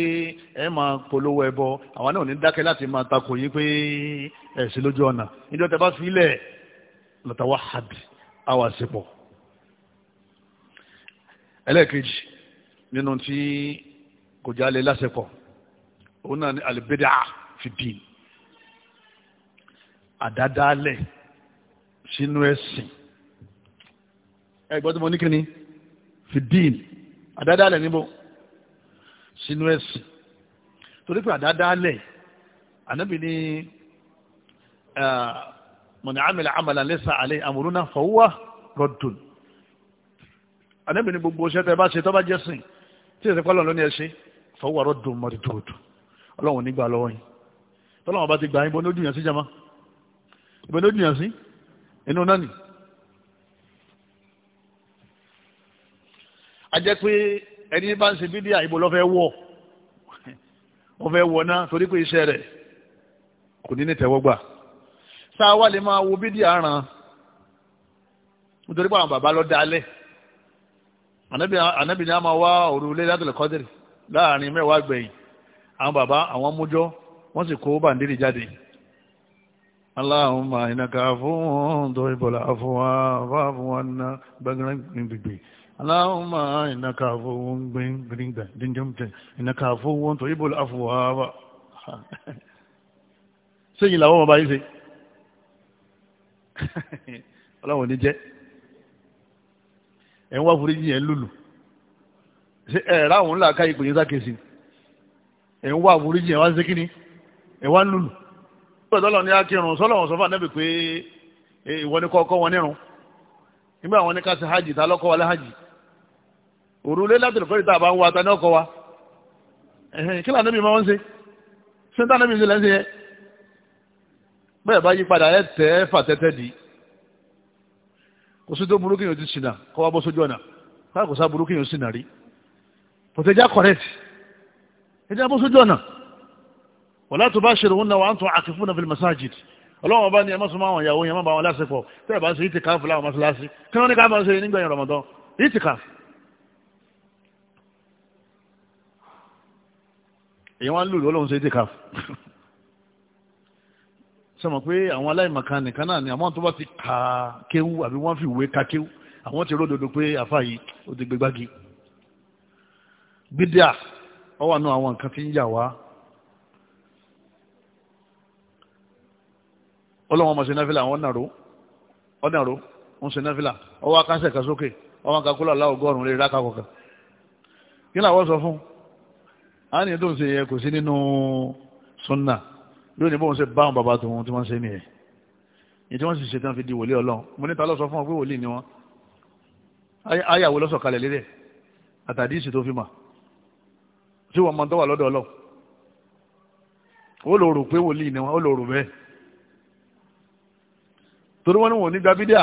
ẹ máa polówó ẹbọ àwọn náà ní dákẹ́ láti máa takò yín pé ẹ̀ lójú ọ̀nà níjọ́ tẹ bá filẹ̀ lọ́tàwá hàbì àwà ẹlẹ́ẹ̀kejì nínú tí kò jálẹ̀ lásìkò òun náà ni alibeda fìdí àdádálẹ̀ sínú ẹ̀sìn ẹgbọ́n tí mo ní kíni fìdí àdádálẹ̀ níbo sínú ẹ̀sìn torí pé àdádálẹ̀ ànábì ní mọ̀nà àmìlà àmàlà lẹ́sà àlẹ́ àmúrúnà fọwọ́ rọ̀dùn ànábì ní gbogbo ṣẹ́tẹ̀ bá ṣe tọ́ bá jẹ́sìn tí ìsìnkú ọlọ́run ní ẹ̀ṣin fọwọ́ rọ̀dùn mọ́tòtòtò ọlọ́run nígbà lọ́wọ́ yìí tọ́lọ́wọ́n bá ti gbà ìbọn lójú yàn sí jama ìbọn lójú yàn sí inú náà nì. a jẹ́ pé ẹni bá ń ṣe bídíà ìbò lọ́fẹ́ wọ̀ ọfẹ́ wọ̀ náà torí pé iṣẹ́ rẹ̀ kò ní ní tẹ́wọ́gbà sáà wà lè máa wo bídíà ràn nítorí pé àwọn bàbá lọ dálẹ̀ ànábìnrin a máa wá òrùlé látọ̀lẹ̀kọ́dẹ̀rì láàrin mẹ́wàá gbẹ̀yìn àwọn bàbá àwọn mújọ́ wọ́n sì kó bàndìrì jáde aláhùnmá ìnaka fún tó ìbọ̀lá àfọwà fáfọwà ná gbẹgbẹgbẹgbẹ aláhùnmá ìnaka fún gbẹgbẹgbẹ díndínjẹ ìnaka fún tó ìbọ̀lá àfọwà wà sẹ́yìn làwọn bàbá yìí ṣe ọlọ́wọ̀n ní jẹ́ ẹ̀ ń wá foríjì ẹ̀ ń lùlù ẹ̀ ráhùn ńlá ká ìpè yín sákèsì ni ẹ̀ ń wá àforíjì ẹ̀ wá ṣe kíni ẹ̀ wá ń lùlù nígbà tó lọ ní akírun sọlọ wọn sọ fún pé kọ́kọ́ wọn nírun nígbà wọn ní ká ṣe hajj ta lọ́kọ́ wa láhàjì òrùlé a ń wa ta ní wa kí máa ń ń yẹn bẹ́ẹ̀ bá yí padà ẹ tẹ́ fà tẹ́tẹ́ kò sí tó burúkú yóò ti ẹjẹ́ abó sójú ọ̀nà wọ́n látò bá ṣe òun náà wà ń tún àkífún náà fi masajid ọlọ́wọ́n bá ní ẹ mọ́sùn máwọn ìyàwó yẹn má bá wọn lásìkò tẹ́ ẹ bá ṣe ìtìká fúláwọn mọ́sálásí kí wọ́n ní ká máa ṣe nígbà yẹn Ramadan ìtìká èyí wọ́n lùlù ọlọ́run ṣe ìtìká sọmọ pé àwọn aláìmọ̀kan nìkan náà ni àwọn tó bá ti ka kéwú àbí wọ́n fi ìwé ka kéwú àwọn ti ródòdó pé àfáà yìí ó ti gbégbági bídíà ọ wà nù àwọn nǹkan tí ń yà wá ọlọ́wọ́n mọ̀ sí náfìlà wọ́n nàró wọ́n nàró wọ́n sí náfìlà ọwọ́ akásẹ̀ kan sókè ọwọ́ kakúlọ̀ aláwọ̀gọ́rùn lè rákà kọ̀ọ̀kan kí làwọn sọ fún a ní tó ń ṣe yẹ kò sí nínú sunna yóò ní bóun ṣe bá àwọn bàbá tòun tí wọ́n ṣe nìyẹn ní tí wọ́n sì ṣe tán fi di wòlíì ọlọ́run mo níta lọ sọ fún ọ pé wòlíì ni wọ́n ayàwó lọ́sọ̀kalẹ̀ lélẹ̀ àtàdísì tó fi mà tí wọ́n mọ̀ tó wà lọ́dọ̀ ọlọ́ ó lò rò pé wòlíì ni wọ́n ó lò rò bẹ́ẹ̀ torí wọ́n ní wọn ò ní gba bídíà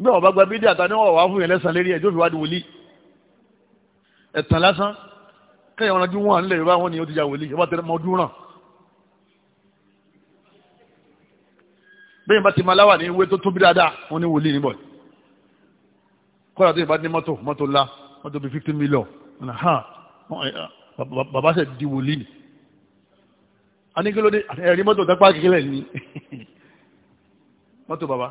bí wọ́n bá gba bídíà ta ni wọ́n wà fún yẹn lẹ́sàn-án lérí ẹ̀ tó fi wá di wòlíì ẹ̀tàn lásán kẹ́yìn ọ̀nà dún wọn nílẹ̀ yorùbá wọn ni ó ti ya wòlíì ọba tẹ̀lé mọ́ ọdún ràn bẹ́yìn bá ti máa láwà ní ìwé tó tóbi dáadáa wọn ní wòlíì níbọ̀ kọ́ra tó yẹ bá ní mọ́tò mọ́tò ńlá mọ́tò bíi fifty million ọ̀nà hàn bàbá sẹ̀ di wòlíì a ní kí ló dé ẹ̀rí mọ́tò dápá kékeré ní mọ́tò bàbá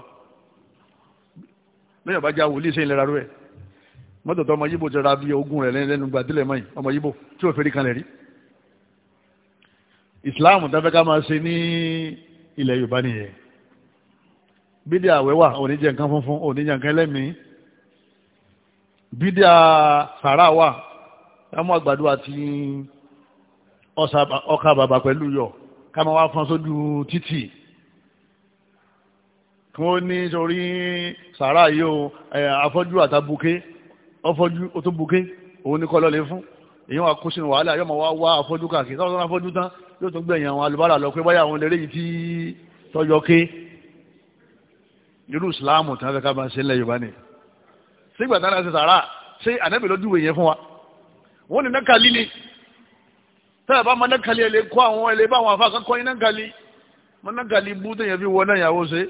lẹ́yìn bá já wòlíì sẹ́yìn lẹ́ra rú ẹ̀ mọ́tò tó ọmọ yíbò ti ra bí ogún rẹ̀ lẹ́nu gbàdílẹ̀ mọ́yìn ọmọ yíbò tí ò fẹ́rí kan lẹ̀ rí ìsìláàmù tó fẹ́ ká máa ṣe ní ilẹ̀ yorùbá nìyẹn bídíà wẹ́wà oníjẹ nǹkan funfun oníjẹ nǹkan ẹlẹ́mìí bídíà sàrà wà ká mú àgbàdo àti ọkà bàbà pẹ̀lú yọ ká máa wá fọ́n sójú títì kí wọ́n ní sórí sàárà yìí o afọ́jú àtàbùké ọfọ́jú ó tó bùké òun ní kọ́lọ́ lè fún èyí wọn kó sínú wàhálà yóò máa wá wá afọ́jú káàkiri táwọn tó ń afọ́jú tán yóò tún gbẹ̀yìn àwọn alùbárà lọ pé báyà àwọn eléré yìí tí tọ́jọ́ ké irú ìsìláàmù tí wọ́n fẹ́ ká máa ṣe ń yorùbá ni sígbà táwọn ṣe sàárà ṣé ànábì lójú yẹn fún wa wọ́n ní nákàlí ni táyà bá ma nákàlí ẹ̀ lè kó àwọn ẹ̀ lè bá àwọn afáàkà kọ́ yín nákàlí ma nákàlí bú tẹ̀yẹ̀ fi wọ́n náà yàwó ṣe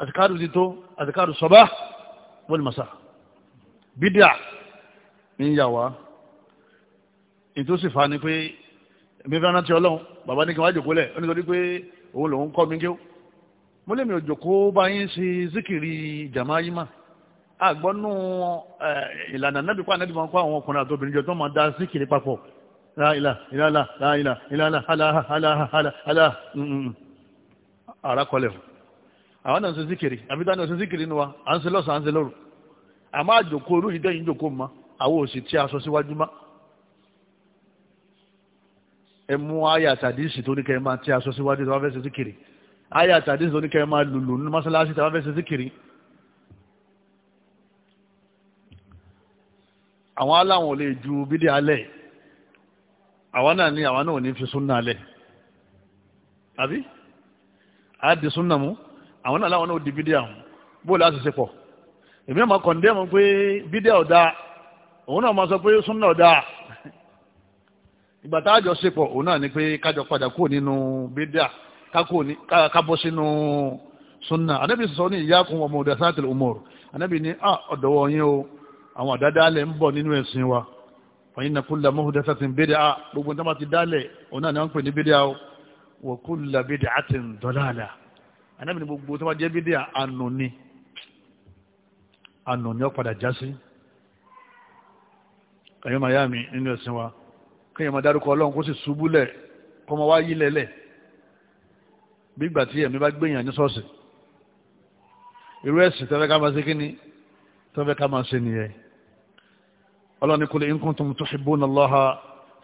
àtikáàdù ti tó àtikáàdù sọ́bà wọ́n ní masa bídíà ń yà wá ìtòsí fa ni pé èmi fẹ́ rántí ọlọ́run bàbá ní kí wọ́n á jòkó lẹ̀ ó ní sọ pé òun lòun kọ́ mi kí ó mo lè bá yín ṣe zikiri jàmáyímá àgbọ́nú ìlànà náà bí kó ànábì máa ń kó àwọn ọkùnrin àti obìnrin jọ tó máa da síkìrì papọ̀ láìlà ìlàlà láìlà ìlàlà aláhàlà àràkọlẹ̀ fún àwọn náà ń ṣe síkìrì àbí táwọn ń ṣe síkìrì ni wa à ń ṣe lọ́sàn à ń ṣe lóru àmọ́ àjòkó orú yìí dẹ́yìn jòkó mọ́ àwọn òsì tí aṣọ síwájú má ẹ mú àyà àtàdísì tó ní kẹ́ máa tí aṣọ síwájú tó bá fẹ́ ṣe síkìrì àyà àtàdísì tó ní kẹ́ máa lùlù ní mọ́ṣáláṣí tó bá fẹ́ ṣe síkìrì àwọn aláwọn ò lè ju bídí alẹ́ àwọn náà ní àwọn náà ò ní fi súnà alẹ́ àbí a di súnà mú àwọn náà láwọn náà ò di bídí àwọn bóòlù àṣìṣe pọ̀ èmi àmọ́ kọ̀ndẹ́mù pé bídí ọ̀dà òun náà máa sọ pé súnà ọ̀dà ìgbà tá a òun náà ni pé kájọ padà kúrò nínú bídí kábọ́ sínú súnà anábì sọ ní ìyá kun ọmọ òdàsáàtì òmòrò anábì ní ah, ọ̀dọ̀wọ̀ yín o àwọn àdádálẹ̀ ń bọ̀ nínú ẹ̀sìn wa fàyínà kúlà muhdathatin bid'a gbogbo tó bá ti dálẹ̀ òun náà ni wọ́n pè ní bídíà o wa kullu bid'atin dalalah anábìnrin gbogbo tó bá jẹ́ bídíà ànù ni ànù ni ó padà ẹ̀sìn wa kéèyàn máa dárúkọ ọlọ́run kó sì ṣubúlẹ̀ kó máa wá yí lẹ́lẹ̀ tẹ́fẹ́ ká máa ṣe kí ni tẹ́fẹ́ ká máa ṣe nìyẹn ọlọ́ni kò lè in kuntum tuhibbuna Allaha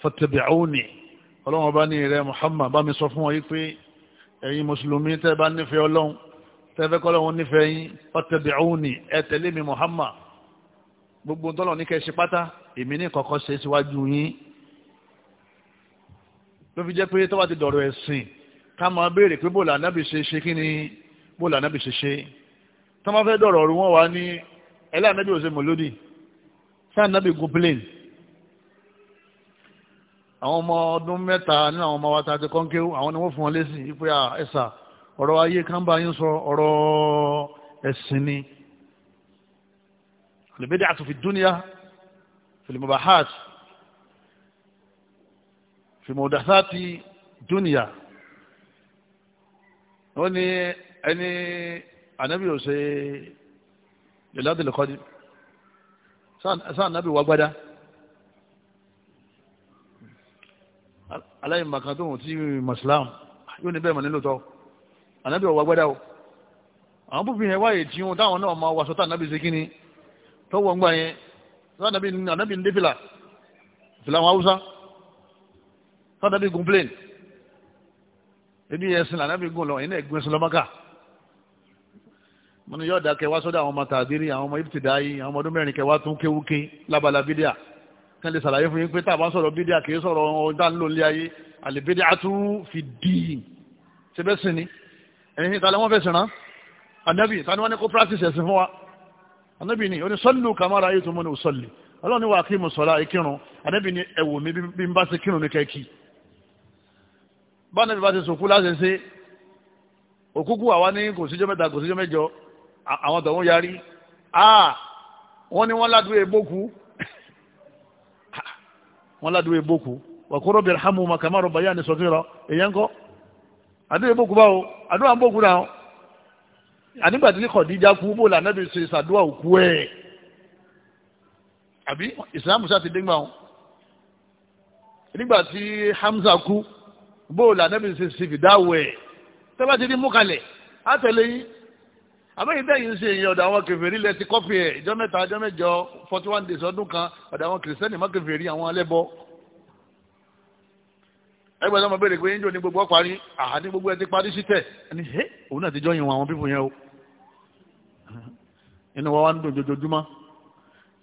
fattabi'uni ọlọ́run ọba ní ìrẹ́ Muhammad bá mi sọ fún ọ yí pé ẹ̀yin mùsùlùmí tẹ́ bá nífẹ̀ẹ́ ọlọ́run tẹ́fẹ́ kọ́lọ́run nífẹ̀ẹ́ yín fattabi'uni ẹ tẹ̀lé mi Muhammad gbogbo tọ́lọ̀ ní kẹ́ ṣe pátá èmi ní kọ́kọ́ ṣe síwájú yín ló fi jẹ́ pé tọ́wá ti dọ̀rọ̀ ẹ̀sìn ká máa béèrè pé bóòlù sáà nàbì gun plane àwọn ọmọ ọdún mẹ́ta nínú àwọn ọmọ wa ta ti kọ́ńké àwọn ni wọ́n fún wọn lésì pé ẹ̀sà ọ̀rọ̀ ayé kan bá yín sọ ọ̀rọ̀ ẹ̀sìn ni àlùbẹ́dẹ́ àtúnfi dúnìá fìlìmọ̀bàhàt fìmọ̀dàsá ti dúnìá wọ́n ní ẹni ànábì ṣe lè sáà nàbì wà gbádá aláyìn màkàn tó hùn tí màsílámù yóò ní bẹ́ẹ̀ mọ̀ nílò tọ́ ànábì wà gbádá o àwọn púpù yẹn wáyé tí wọn táwọn náà máa wà sọ́tà ànábì ṣe kíni tọ́wọ́ ń gbà yẹn sáà ànábì ń dé fìlà fìlà àwọn haúsá sáà ànábì gùn plane ebi yẹn sin ànábì gùn lọ yẹn náà gùn sin lọ́mọ́ká mo ní yóò dá kẹwàá sọ́dọ̀ àwọn ọmọ tàbírí àwọn ọmọ ibtidayi àwọn ọmọ ọdún mẹ́rin kẹwàá tún kéwúké lábala bídíà kí lè ṣàlàyé fún yín pé tàbá sọ̀rọ̀ bídíà kì í sọ̀rọ̀ ọjà ńlò lé ayé àlèbídíà tún fi dì í ṣe bẹ́ẹ̀ sí ni ẹ̀yìn ìta lẹ́wọ́n fẹ̀sìn rán anabi ta wọ́n ní kó practice ẹ̀sìn fún wa anabi ni oní sọ́lù kamara ayé tó mọ́ ní o ni wà mi bí n bá ṣe kírun ní kẹ́kì bá anabi bá ṣe sòkú láṣẹ kò síjọ́ mẹ́ta kò síjọ́ mẹ́jọ àwọn tọ̀hún yarí wọ́n ní wọ́n ládùú ebókú wọ́n ládùú ebókú wàkúrò bẹ̀rẹ̀ hàmù màkàmárò bàyá ni sọ̀tìrọ̀ èyàn kọ́ àdúrà ebókú báwo àdúrà ń bókú náà ànígbàtí ní kọ̀díjà kú bó là nábì ṣe ṣàdúrà òkú ẹ̀ àbí ìsìlámù sáà ti dé gbà wọn nígbàtí Hamza kú bó là nábì ṣe ṣe fìdáwọ̀ ẹ̀ tẹ́lá ti ní mú kalẹ̀ á tẹ̀lé yín àbẹ́yìn tẹ́yìn ń ṣe èèyàn ọ̀dọ̀ àwọn kèfèrí lẹ ti kọ́pì ẹ̀ ìjọ mẹ́ta ìjọ mẹ́jọ forty one days ọdún kan ọ̀dọ̀ àwọn kìrìsìtẹ́nì má kèfèrí àwọn alẹ́bọ. ẹgbẹ́ sọ́mọ béèrè pé yíyó ni gbogbo ọ parí àhá ní gbogbo ẹ ti parí sítẹ̀ ẹni hẹ́ òun náà ti jọ yin wọn àwọn pípọ̀ yẹn o. inú wa wá ń dùn jojoojúmọ́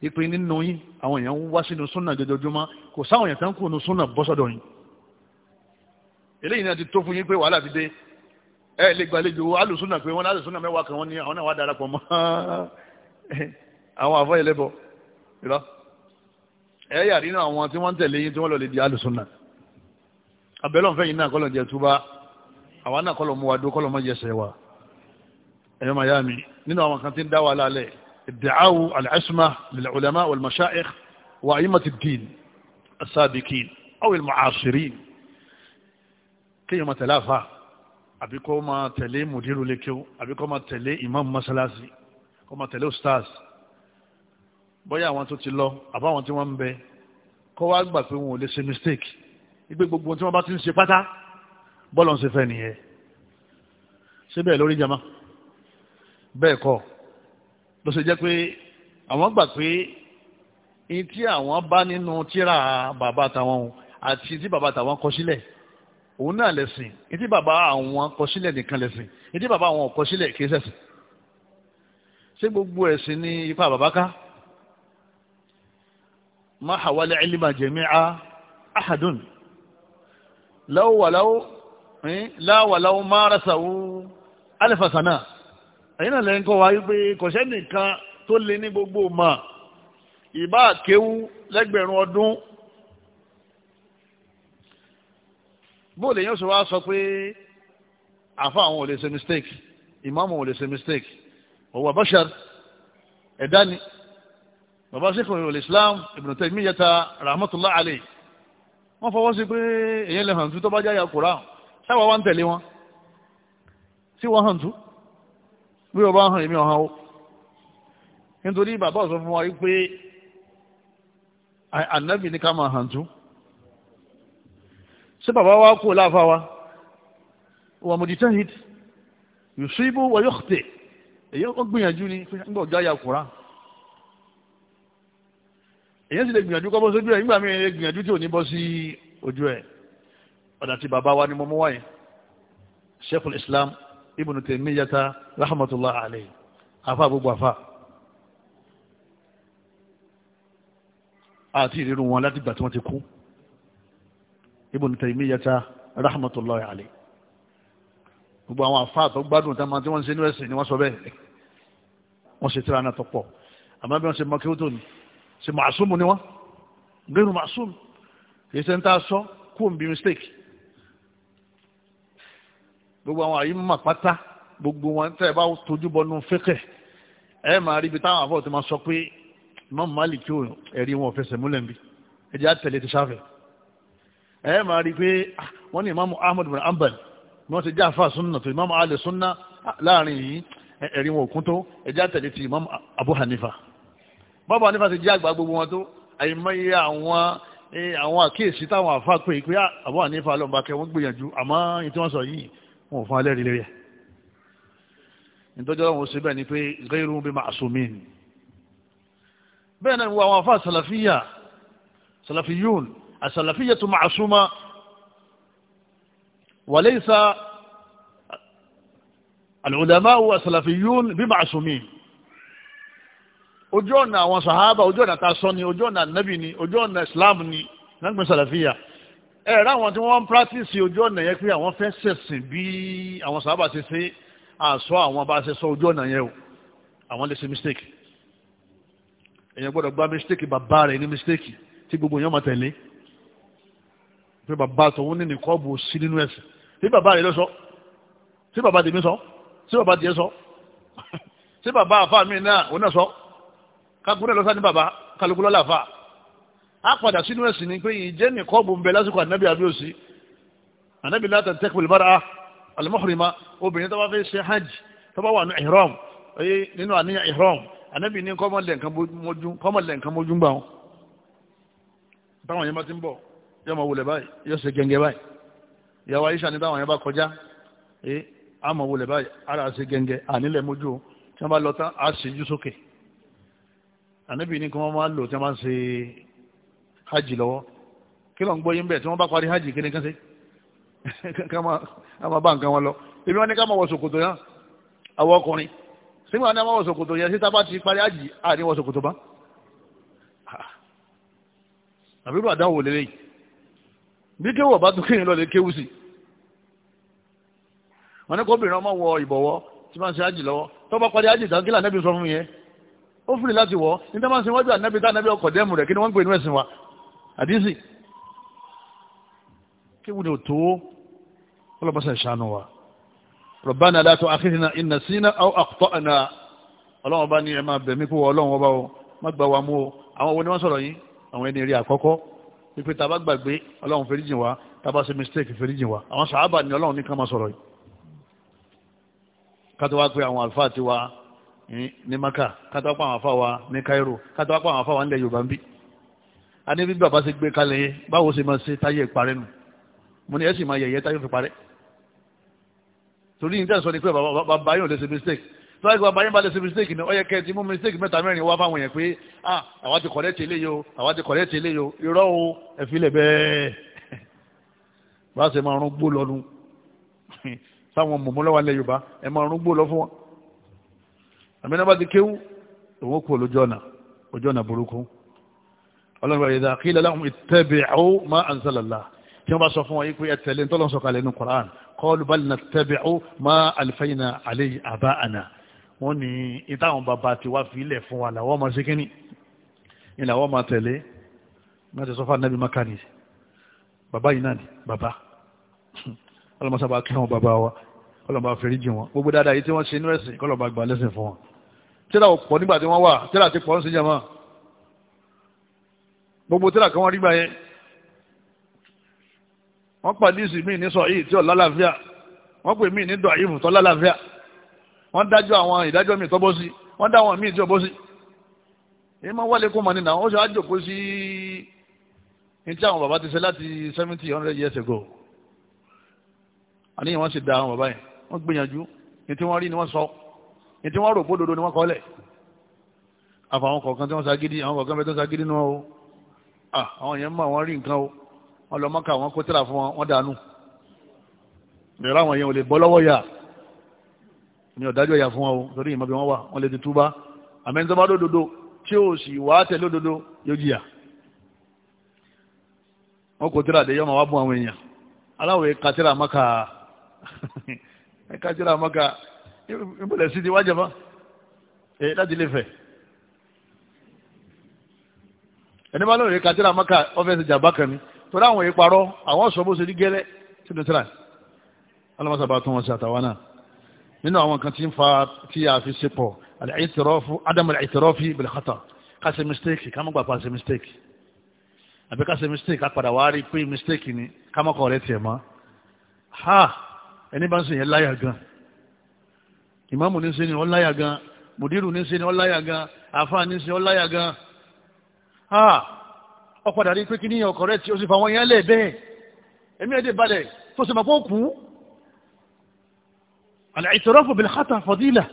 ìpín nínú yín àwọn èèyàn ń wá sínú súnà jojoojúmọ́ kò sáwọn èèyàn tán kù nínú súnà bọ́sọ̀dọ̀ yín eléyìí náà ti tó fún yín pé wàhálà ti dé ẹ lè gbàlejò alùsùnà pé wọn alùsùnà mẹ́wàá kan wọn ní àwọn náà wà darapọ̀ mọ́ àwọn àfọ ìlẹ́bọ̀ ìrọ ẹ yà nínú àwọn tí wọ́n ń tẹ̀lé yín tí wọ́n lọ lè di alùsùnà abẹ́lẹ̀ ọ̀fẹ́ yìí náà kọ́lọ̀ jẹ túbá àwọn náà kọ́lọ̀ mú wa dó kọ́lọ̀ mọ́ jẹsẹ̀ wa ẹ̀yọ́ màyá mi nínú àwọn kan tí ń dá wa lálẹ́ ìdàáwù alẹ́sùmá lílẹ̀ ulama wal mashayikh wa aimati din asabikin awil mu'asirin kéèyàn mọ̀ tẹ̀lé àbí kó máa tẹ̀lé mùdírù lékeu àbí kó máa tẹ̀lé imam masalasi kó máa tẹ̀lé ustaz bóyá àwọn tó ti lọ àbáwọn tí wọ́n ń bẹ kó wá gbà pé wọn ò lè ṣe mistake igbe gbogbo tí wọ́n bá ti ń ṣe pátá bọ́ọ̀lù ń ṣe fẹ́ nìyẹn ṣé bẹ́ẹ̀ lórí jama bẹ́ẹ̀ kọ́ ló ṣe jẹ́ pé àwọn gbà pé ní tí àwọn bá nínú tíra bàbá tàwọn àti tí bàbá tàwọn kọ sílẹ̀ òun náà lẹ́sìn etí bàbá àwọn kọsílẹ̀ nìkan lẹ́sìn etí bàbá àwọn kọsílẹ̀ kì í ṣẹ̀sìn ṣé gbogbo ẹ̀sìn ní ipa bàbá ká má hawala ilma jami'a ahadun law walaw la walaw marasahu alfa sana ẹ̀yìn náà lẹ́yìn kọ́ wa wípé kọ̀ṣẹ́ nìkan tó lé ní gbogbo ma ìbá kéwú lẹ́gbẹ̀rún ọdún bóòlù èèyàn sọ wá sọ pé àfa àwọn ò lè ṣe mistake ìmáàmù ò lè ṣe mistake ọwọ́ bashar ẹ̀dá ni bàbá sèkùn ìrọ̀lẹ̀ islam ibn Taymiyyah rahmatullah alayhi wọ́n fọwọ́ sí pé èyàn lè hàntú tó bá jáyà kùrá sáwà wá ń tẹ̀lé wọn sí wọ́n hàntú bí ọba hàn èmi ọ̀hán o nítorí bàbá ọ̀sọ́ fún wa pé ànábì ní ká máa hàntú sí bàbá wa kú láàfà wa wà mujtahid yusibu wa yukhti èyí ó gbìyànjú ni nígbà ọjọ́ àyà kùrá èyí sì lè gbìyànjú kọ́ bọ́ sójú ẹ̀ nígbà míì lè gbìyànjú tí ò ní bọ́ sí ojú ẹ̀ ọ̀dà tí bàbá wa ni mo mú wáyé Sheikhul Islam Ibn Taymiyyah rahmatullah alayhi afa gbogbo afa àti ìrírun wọn láti gbà tí wọ́n ti kú Ibn Taymiyyah rahmatullahi alayhi gbogbo àwọn àfáà tó gbádùn tá máa tí wọ́n ń ṣe ní ẹ̀sìn ni wọ́n sọ bẹ́ẹ̀ wọ́n ṣe tíra náà tó pọ̀ àmọ́ bí wọ́n ṣe mọ́kí ó tó ní ṣe màásùmù ni wọ́n gbẹ́rù màásùmù kìí ṣe ń tá a sọ kú òun bí mistake gbogbo àwọn àyè mọ̀ pátá gbogbo wọn tẹ́ ẹ bá tójú bọnú fẹ́kẹ̀ ẹ máa rí ibi táwọn àfọ̀ tó máa sọ pé Imam Malik ẹ̀rí wọn ò fẹsẹ̀ múlẹ̀ ń ẹ jẹ́ àtẹ̀lé ti sáfẹ̀ẹ́ ẹ máa rí i pé ah, wọ́n ní ìmáàmù ahmed bin ambal ni wọ́n ti já àfa sunna tó ìmáàmù alẹ́ sunna láàrin yìí ẹ̀rí wọn òkun tó ẹjá tẹ̀lé ti ìmáàmù abu hanifa bàbá hanifa ti jẹ́ àgbà gbogbo wọn tó àyìnmáyé àwọn àwọn àkíyèsí táwọn àfa pé pé ah, abu hanifa lọ́nba kẹ́ wọ́n gbìyànjú àmọ́ ní tí wọ́n sọ yìí wọn ò fún alẹ́ lẹ́yẹ nítorí ọlọ́run ṣe bẹ́ẹ̀ ni pé gẹ́rù bí ma'sumin bẹ́ẹ̀ náà ni àwọn àfa sàlàfíyà sàlàfíyùn السلفية معصومة وليس العلماء السلفيون بمعصومين أجونا ọ̀nà أجونا sàhábà أجونا النبيني أجونا إسلامني ojú ọ̀nà nẹ́bì ni ojú ọ̀nà islam ni lẹ́gbẹ̀ẹ́ sàlàfíà ẹ̀ rá àwọn tí wọ́n ń pírátìsì ojú ọ̀nà yẹn pé àwọn fẹ́ ṣẹ̀sìn bí àwọn sàhábà ṣe ṣe àṣọ àwọn bá ṣe sọ ojú ọ̀nà yẹn o àwọn lè ṣe mistake èèyàn gbọ́dọ̀ gba mistake bàbá rẹ̀ ní mistake tí gbogbo èèyàn máa tẹ̀lé pé bàbá tòun ní nìkan bò sí nínú ẹ̀sìn tí bàbá rẹ̀ lọ sọ tí bàbá tèmi sọ tí bàbá tiẹ̀ sọ tí bàbá àfa mi náà òun náà sọ kakúrẹ́ lọ́sà ní bàbá kálukú lọ́la àfa á padà sínú ẹ̀sìn ni pé ìjẹ́ nìkan bò ń bẹ lásìkò ànábì àbíòsí ànábì látà tẹ́kùlù bára alimọ́kùnrinmá obìnrin tó bá fẹ́ ṣe hajj tó bá wà ní ihram nínú àníyàn ihram ànábì ní kọ́mọ̀lẹ̀ nǹkan mójú gbà wọn táwọn yẹn bá ti ń bọ̀ yóò máa wulẹ̀ báyìí yóò ṣe gẹ́gẹ́ báyìí ìyàwó Aisha ní táwọn yẹn bá kọjá ẹ á máa wulẹ̀ báyìí ara se gẹ́gẹ́ ànílẹ̀ mójú o tí wọ́n bá lọ tán á ṣe jú sókè ànábì ní kí wọ́n máa lò tí wọ́n bá ń ṣe hajj lọ́wọ́ kí ló ń gbọ́ yín bẹ́ẹ̀ tí wọ́n bá parí hajj kí ni kán ṣe ká máa bá nǹkan wọn lọ èmi wọn ní ká máa wọ ṣòkòtò yẹn àwọn ọkùnrin sígbà ní a máa wọ ṣòkòtò yẹn bí kéwù ọba tó kéyìn lọ́lẹ̀ kéwù sí wọn ní kó obìnrin ọmọ wọ ìbọ̀wọ́ tí máa ń ṣe ájì lọ́wọ́ tó bá parí ájì tán kí lànàbí sọ fún yẹn ó fìrì láti wọ̀ níta máa ń sin wájú ànábì tá ànábì ọkọ̀ dẹ́mù rẹ̀ kí ni wọ́n ń pè ní ẹ̀sìn wa àdísì kéwù ni ò tó ọlọ́pàá ṣàánú wa rọ̀bánà látọ̀ àkíhìnà ìnà sínà àwọn àkùtọ̀ ọlọ́wọ́n bá ní ẹ̀ ìpè tàbá gbàgbé ọlọ́run fèrèjì wa tàbá ṣe mistake fèrèjì wa àwọn sàábà ni ọlọ́run ní ká máa sọ̀rọ̀ yìí kátó wá pé àwọn àlùfáà ti wa ní maka kátó wá pé àwọn àfáà wa ní Cairo kátó wá pé àwọn àfáà wa nílẹ̀ Yorùbá ń bí a ní bí bàbá ṣe gbé kalẹ̀ yẹn báwo ṣe máa ṣe táyé ìparẹ́ nù mo ní ẹ sì máa yẹ̀yẹ́ táyé fi parẹ́ torí ní tẹ̀sán ni pé bàbá yóò lè ṣe mistake tọ́wọ́ ìgbà bàbá yín balẹ̀ sí mistake ni ó yẹ kẹ́ ti mú mistake mẹ́ta mẹ́rin wá fáwọn yẹn pé ah àwa ti correct eléyìí o àwa ti correct eléyìí o irọ́ o ẹ fi lẹ̀ bẹ́ẹ̀ bá a ṣe máa rún gbó lọ́nu sáwọn mọ̀mọ́ lọ́wọ́ alẹ́ Yorùbá ẹ máa rún gbó lọ fún wọn àmì náà bá ti kéwú òun kú lójú ọ̀nà ojú ọ̀nà burúkú ọlọ́run bàbá ìdá kílẹ̀ láwọn ittabi'u ma anzalallah tí wọ́n bá sọ wọ́n ní ìtàwọn bàbá ti wá fi fún wa làwọn ọmọ sí kínní ìlàwọ́ máa tẹ̀lé náà ti sọ́fà nẹ́bí makani bàbá yìí náà ni bàbá ọlọ́mọsábà kí wọn bàbá wa ọlọ́mọba fèrèjì wọn gbogbo dáadáa yìí tí wọ́n ṣe inú ẹ̀sìn kọlọ́mọba gbà lẹ́sìn fún wọn tíra ò pọ̀ nígbà tí wọ́n wà tíra ti pọ̀ ń sin jama gbogbo tíra kan wọ́n rí gbà yẹn wọ́n pàdé ìsìn míì ní sọ yìí tí ò lálàáfíà wọ́n pè míì ní dọ̀ wọ́n dájọ́ àwọn ìdájọ́ míì tọ́bọ́ sí wọ́n dá àwọn míì tí ọbọ́ sí èyí máa wálé kó mọ̀ nínú àwọn ó ṣe àjòkó sí ní tí àwọn bàbá ti ṣe láti seventy hundred years ago àníyàn wọ́n sì da àwọn bàbá yẹn wọ́n gbìyànjú ní tí wọ́n rí ni wọ́n sọ ní tí wọ́n rò pé òdodo ni wọ́n kọ́lẹ̀ àfàwọn kọ̀ọ̀kan tí wọ́n ṣagídí àwọn kọ̀ọ̀kan bẹ́ẹ̀ tó ṣagídí nínú o àwọn yẹn mọ̀ wọ́n rí nǹkan o wọ́n lọ mọ́ka wọ́n kó tẹ́lá fún wọn wọ́n dànù ìrọ̀ àwọn yẹn ò lè ní ọ̀dájọ́ ìyà fún wọn o torí ìmọ̀ bí wọ́n wà wọ́n lè ti túbá àmẹ́ńtọ́bá lódodo tí ó sì wà tẹ̀ lódodo yóò jìyà wọn kò tíra dé yọmọ wá bún àwọn èèyàn aláwọ̀ ẹ̀ka tíra maka ẹ̀ka tíra maka ìbúlẹ̀ sí ti wájà bá ẹ̀ láti lè fẹ̀ ẹni bá lóore ẹ̀ka tíra maka ọ́fẹ́sì jàmbá kan ni torí àwọn ìparọ́ àwọn sọ bó ṣe rí gẹ́lẹ́ sínú tíra ọlọ́mọ sábà tún wọn ṣe àtàwọn náà nínú àwọn kan tí ń fa tí a fi sepọ̀ al-i'tirafu adam al-i'tirafi bil-khata ká ṣe mistake ká mọ́ gbà pa ṣe mistake àbí ká ṣe mistake ká padà wá rí pé mistake ni ká mọ́kọ̀ rẹ̀ tiẹ̀ mọ́ ha ẹni bá ń sìn yẹn láyà gan ìmáàmù ní sẹ́ni ó láyà gan mùdírù ní sẹ́ni ó láyà gan àfáà ní sẹ́ni ó láyà gan ha ó padà rí pé kí ní ọkọ̀ rẹ̀ tí ó sì fa wọn yẹn lẹ́ẹ̀ bẹ́ẹ̀ ẹ̀mí ẹ̀ àlàìtọ́rọ́fù bẹ̀rẹ̀ kátà fọ́dílà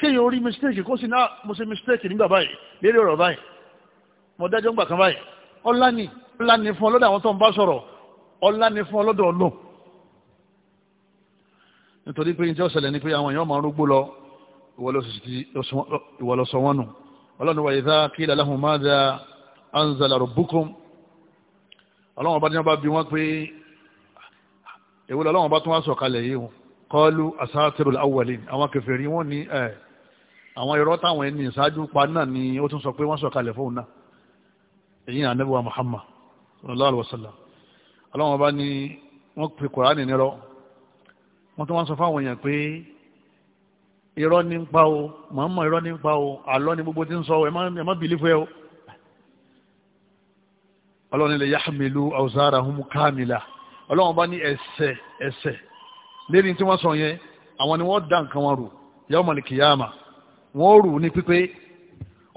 kéèyàn orí mistake kó sì náà ah, mo ṣe mistake nígbà báyìí lérí ọ̀rọ̀ báyìí mo dájọ́ ń gbà kan báyìí ọlá ni ọlá ni fún ọlọ́dọ̀ àwọn tó ń bá sọ̀rọ̀ ọlá ni fún ọlọ́dọ̀ ọlọ́ nítorí pé ìjọ ṣẹlẹ̀ ni pé àwọn èèyàn máa ń rúgbó lọ ìwọ lọ sọ wọn nù ọlọ́run wà ìdá kí ilẹ̀ aláhùn máa da anzala rabbukum ọlọ́run ọba ní wọn bá bí wọn pé èwo lọ́wọ́n bá tún wá sọ̀kalẹ̀ yìí wọn kọlu asatirul awwalin àwọn kèfèrí wọ́n ní ẹ̀ àwọn irọ́ táwọn ẹni ìsáájú pa náà ni ó tún sọ pé wọ́n sọ̀kalẹ̀ fóun náà èyí ànábì wa Muhammad sallallahu alaihi wasallam aláwọn ọba ni wọ́n pe Kùránì nírọ́ wọ́n tún wá sọ fáwọn èèyàn pé irọ́ ní ń pa o Muhammad irọ́ ní ń pa o àlọ́ ni gbogbo ti ń sọ ẹ má bìlífù ẹ o ọlọ́run ilẹ̀ yahmilu awzarahum kamila ọlọ́run ọba ní ẹsẹ̀ ẹsẹ̀ lérí tí wọ́n sọ yẹn àwọn ni wọ́n dá nǹkan wọn rù yawmal qiyamah wọ́n rù ní pípé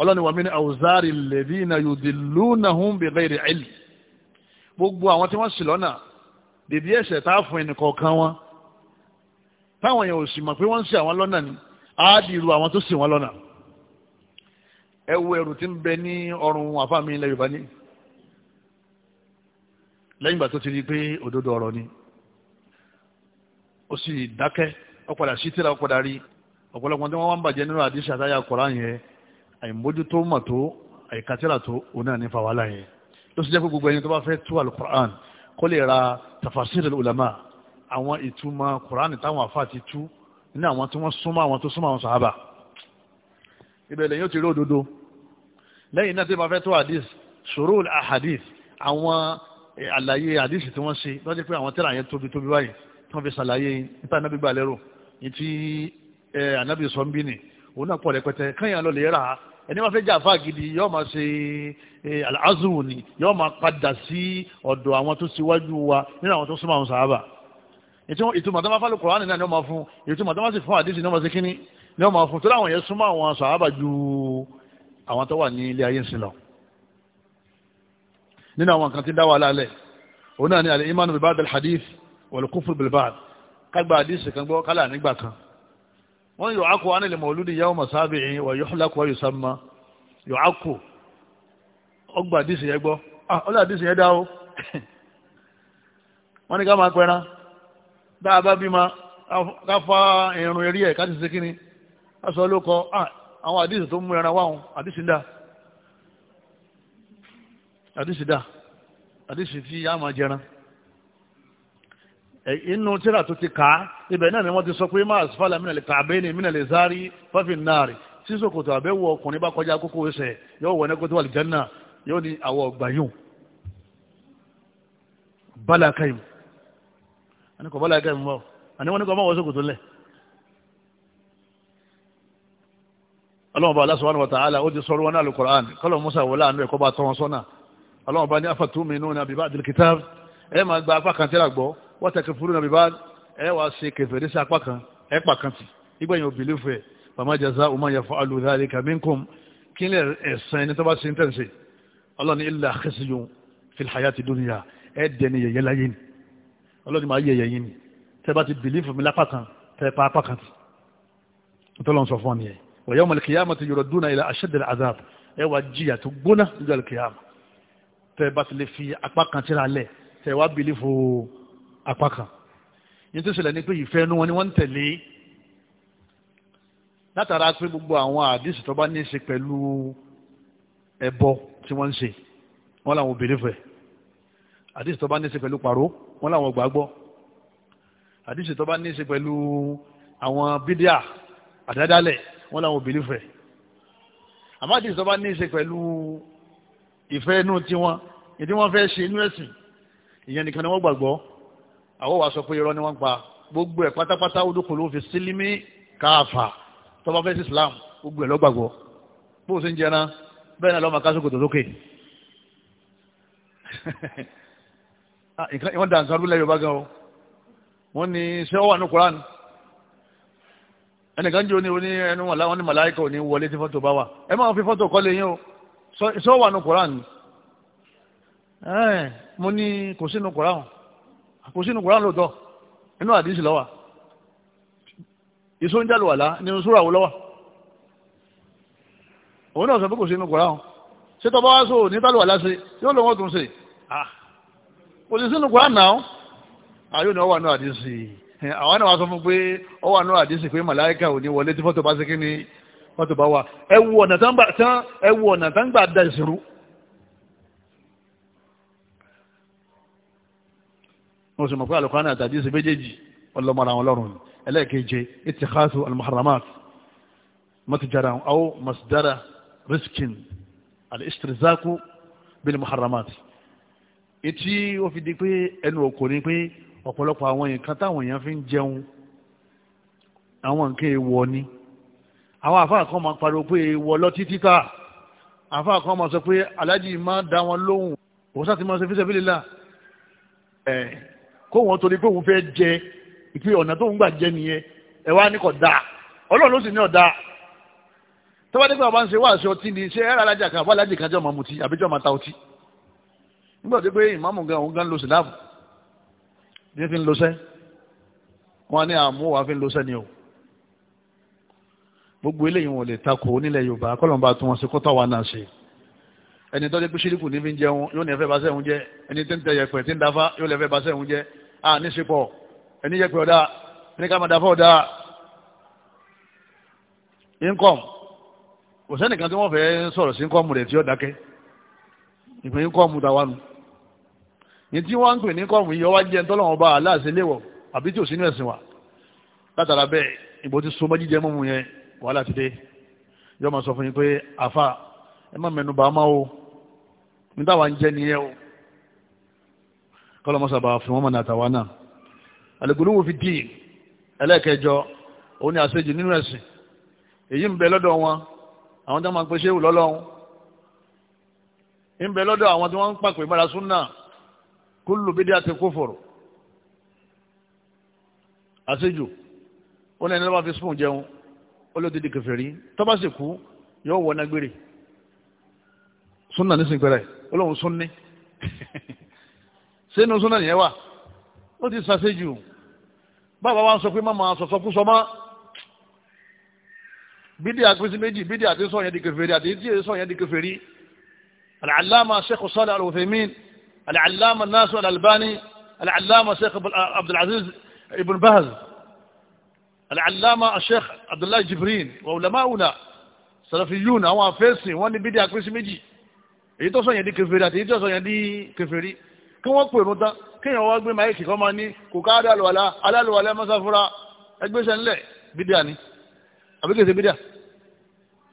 ọlọ́ni wa min awzari alladhina yudillunahum bighayri ilm gbogbo àwọn tí wọ́n sì lọ́nà dèbí ẹ̀sẹ̀ tá a fún ẹnì kọ̀ọ̀kan wọn táwọn yẹn ò sì mọ̀ pé wọ́n ń ṣì àwọn lọ́nà ni á di irú àwọn tó ṣì wọ́n lọ́nà ẹ wo ẹrù tí ń bẹ ní ọrùn àfáàmì ilẹ̀ Yorùbá ní lẹ́yìn ìgbà tó ti rí pé òdodo ọ̀rọ̀ ni ó sì dákẹ́ ó padà sí tíra ó padà rí ọ̀pọ̀lọpọ̀ tí wọ́n wá ń bàjẹ́ nínú àdìsí àtàyà kọ̀ọ̀rá yẹn àìmójútó mọ̀ tó àìkátírà tó òun náà ní fàwálà yẹn ló sì jẹ́ pé gbogbo ẹni tó bá fẹ́ tú alukur'an kó lè ra tafasir ulama àwọn ìtumọ̀ kur'an táwọn afa ti tú ní àwọn tí wọ́n súnmọ́ àwọn tó súnmọ́ àwọn sàhábà ibẹ̀ lẹ́yìn ó ti rí òdodo lẹ́yìn náà tí wọ́n fẹ́ tó hadith shurul ahadith àwọn eh, àlàyé hadith tí wọ́n ṣe lọ́jọ́ pé àwọn tẹ́lẹ̀ yẹn tóbi tóbi báyìí tó fi ṣàlàyé níta anábì gbà lérò ní tí anábì sọ ń bí nì òun náà pọ̀ rẹpẹtẹ káyàn lọ lè rà ẹni wọ́n fẹ́ jà fáà gidi yóò máa ṣe aláàzùn ni yóò máa padà sí ọ̀dọ̀ àwọn tó ṣíwájú wa nínú àwọn tó súnmọ́ àwọn sàábà ìtumọ̀ tó máa fà lóko ránì náà ni wọ́n máa fún ìtumọ̀ tó máa sì fún àdìsí ni wọ́n máa ṣe kínní wal-kufru bil-ba'd kágbà àdìsí kan gbọ́ kálà nígbà kan wọ́n yóò ákò ánìlè mọ̀lúdì yawma sabi'i wa yuhlaqu wa yusamma yóò ákò ọgbà àdìsí yẹn gbọ́ ah ọlọ́ àdìsí yẹn dá o wọ́n ní ká máa fa irun eré ẹ̀ ká ti ṣe kíni ah àwọn àdìsí tó mú ẹran wáhùn àdìsí dá àdìsí dá àdìsí tí yá máa Eh, inú tíra tó ti ká ibẹ̀ náà ni wọ́n ti sọ pé máa sọ́fàlà mínà lè kàbẹ́ ní mínà lè sáré fáfin náàrí tí sòkòtò àbẹ́wò ọkùnrin bá kọjá kókó ẹsẹ̀ yóò wọ̀ nẹ́kótó àlìjánná yóò ní àwọ̀ ọ̀gbàyùn bálàkàìm àníkọ̀ bálàkàìm wọ́ àníwọ́n ní kọ́ máa wọ sòkòtò lẹ̀ ọlọ́mọba Allah subhanahu wa ta'ala ó ti sọ̀rọ̀ wọn al-Qur'an kọ́lọ̀ Musa wọlé wọ́n tẹ̀ kẹfùrú nàbí bá ẹ wàá ṣe kẹfẹ̀rí sí apá kan ẹ pa kan tì nígbà yẹn òbí lófẹ̀ẹ́ bàmá jaza umar yafa aludari kaminkum kí lè ẹ̀sán ẹni tó bá ṣe ń tẹ̀sí ọlọ́ni ilà xẹ́sìyún filhaya ti dúnìyà ẹ dẹni láyé ni ọlọ́ni máa yẹyẹ yín ni tẹ́ bá ti bìlífù mi lápá kan tẹ́ pa apá kan tì tọ́lọ́n sọ fún mi yẹn apá kan yìí tó ṣẹlẹ̀ ní pé ìfẹ́ inú wọn ni wọ́n ń tẹ̀lé látara pé gbogbo àwọn àdìsí tó bá ní í ṣe pẹ̀lú ẹbọ tí wọ́n ń ṣe wọ́n làwọn obìnrin fẹ́ àdìsí tó bá ní í ṣe pẹ̀lú pàró wọ́n làwọn gbàgbọ́ àdìsí tó bá ní í ṣe pẹ̀lú àwọn bídíà àdádálẹ̀ wọ́n làwọn obìnrin fẹ́ àmọ́ àdìsí tó bá ní í ṣe pẹ̀lú ìfẹ́ inú tiwọn ìdí wọ́n fẹ́ ṣe inú ẹ̀sìn ìyẹn nìkan ni wọ́n gbàgbọ́ àwọn wàá sọ pé irọ́ ni wọ́n ń pa gbogbo ẹ̀ pátápátá odókòó fi sílímì káàfà tọ́ba fẹ́ sí Islam gbogbo ẹ̀ lọ́gbàgbọ́ bó o ṣe ń jẹ́ náà bẹ́ẹ̀ náà lọ́mọ kásìkò tó lókè ah, wọ́n dà nǹkan rúlẹ̀ Yorùbá gan o wọ́n ní ṣé ó wà ní Koran ẹnìkan jẹ́ oní ẹnu wà láwọn ní màláìkà ò ní wọlé tí fọ́tò bá wà ẹ máa fi fọ́tò kọ́lé yín o ṣé ó wà ní Koran mo ní kò sínú Koran kò sínú Kùránì lóòótọ́ inú àdìsí lọ́wà ìṣó ń jálù wàlá nínú súrà wo lọ́wà òun náà sọ pé kò sínú Kùránì ṣé tọ́ bá wá sóò ní tálù wàlá ṣe yóò lọ́wọ́ tún ṣe kò sí sínú Kùránì náà àyò ni ọwà náà àdìsí àwọn náà wá sọ fún pé ọwà náà àdìsí pé màláìka ò ní wọlé tí fọ́tò bá ṣe kí ni fọ́tò bá wà ẹ wo ọ̀nà tán gbà dá ìṣirú wọ́n sì mọ̀ pé alùpàánà àtàdé ṣe méjèèjì ọlọ́mọra àwọn ọlọ́run ni ẹlẹ́ẹ̀keje ìtìkáàtù almuharramat matijara aw masdara riskin alistrizaku bil muharramat etí ó fi di pé ẹnu òkò ni pé ọ̀pọ̀lọpọ̀ àwọn nǹkan táwọn èèyàn fi ń jẹun àwọn nǹkan èèwọ̀ ni àwọn àfáà kan máa pariwo pé èèwọ̀ lọ títí ká àfáà kan máa sọ pé aláàjì máa dá wọn lóhùn òun máa ṣe fíṣẹ́ kó wọn torí pé òun fẹ́ jẹ ìpè ọ̀nà tó ń gbà jẹ nìyẹn ẹ wá ní kò dáa ọlọ́run ló sì ní ọ̀dà tọ́wádé pé ọba ń ṣe wá ọtí ni ṣé ẹ̀rọ alájà kan àbọ̀ alájà kan jẹ́ ọmọ mutí àbí jẹ́ ọmọ ta ọtí nígbà tó pé ìmáàmù gan òun gan ló sì láàbù ní fi ń lo sẹ́ wọn ní àmú wa fi ń lo sẹ́ ni o gbogbo eléyìí wọn lè takò onílẹ̀ yorùbá kọ́lọ́mbà tí wọ́n ṣe kọ́tà wa náà ṣe ẹni tọ́jú pé ṣíríkù ní fi ń jẹun yóò ní ẹ̀fẹ́ bá sẹ́hun jẹ ẹni tí ń tẹ yẹpẹ̀ tí ń dáfá yóò lẹ́fẹ́ bá sẹ́hun jẹ à ní sepọ̀ ẹni yẹ pé ọ̀dà ẹni ká máa dà fọ́ ọ̀dà income kò sẹ́nìkan tí wọ́n fẹ́ sọ̀rọ̀ sí income rẹ̀ tí ó dákẹ́ ìpín income tàwa nu ní tí wọ́n ń pè ní income yìí ọwá jẹ́ ntọ́lọ́wọ́n bá aláàṣẹ léwọ̀ àbí tí ò sínú ẹ̀sìn wa látara bẹ́ẹ̀ ìbò ti so mọ́jíjẹ mọ́mu yẹn wàhálà ti dé yọ́ máa sọ fún yín pé àfa ẹ má mẹ́nu bàá o ní táwa ń jẹ́ nìyẹn o kọlọmọsàbà fún wọn mọ̀nà àtàwọn náà alìgbòlówó fi dì ẹlẹ́ẹ̀kẹjọ òun ni àṣejù nínú ẹ̀sìn èyí ń bẹ lọ́dọ̀ wọn àwọn tó máa ń pèsè ìwòlọ́lọ́hún ń bẹ lọ́dọ̀ àwọn tí wọ́n ń pàpè mọ́ra súnà kullu bid'ati kufur àṣejù ó ní ẹni lọ́wọ́ fi spoon jẹun ó ló dìde kèfèrí tó bá sì kú yóò wọ nágbére súnà nísìnyí pẹ́rẹ́ ó lóun sún sínú súnà nìyẹn wà ó ti sàṣejù bàbá wa sọ pé má máa sọ̀sọ́ kú sọ mọ́ bídí àpèsè méjì bídí àti sọ̀yẹn di kèfèrí àti tí èyí sọ̀yẹn di kèfèrí alàlámà sheikh sọ́lá alùfẹ̀mín alàlámà nasu alàlbani alàlámà sheikh abdulaziz ibn baz alàlámà sheikh abdullahi jibrin wà ulamauna salafiyun àwọn afẹ́sìn wọ́n ní bídí àpèsè méjì èyí tó sọ̀yẹn di kèfèrí àti èyí tó sọ̀yẹn di kèfèrí kí wọ́n pè rún tán kéèyàn wá gbé máìkì kọ́ máa ní kò ká aláàlùwàlá aláàlùwàlá mọ́sáfúra ẹgbẹ́sẹ̀ ńlẹ̀ bídíà ni àbí kèsè bídíà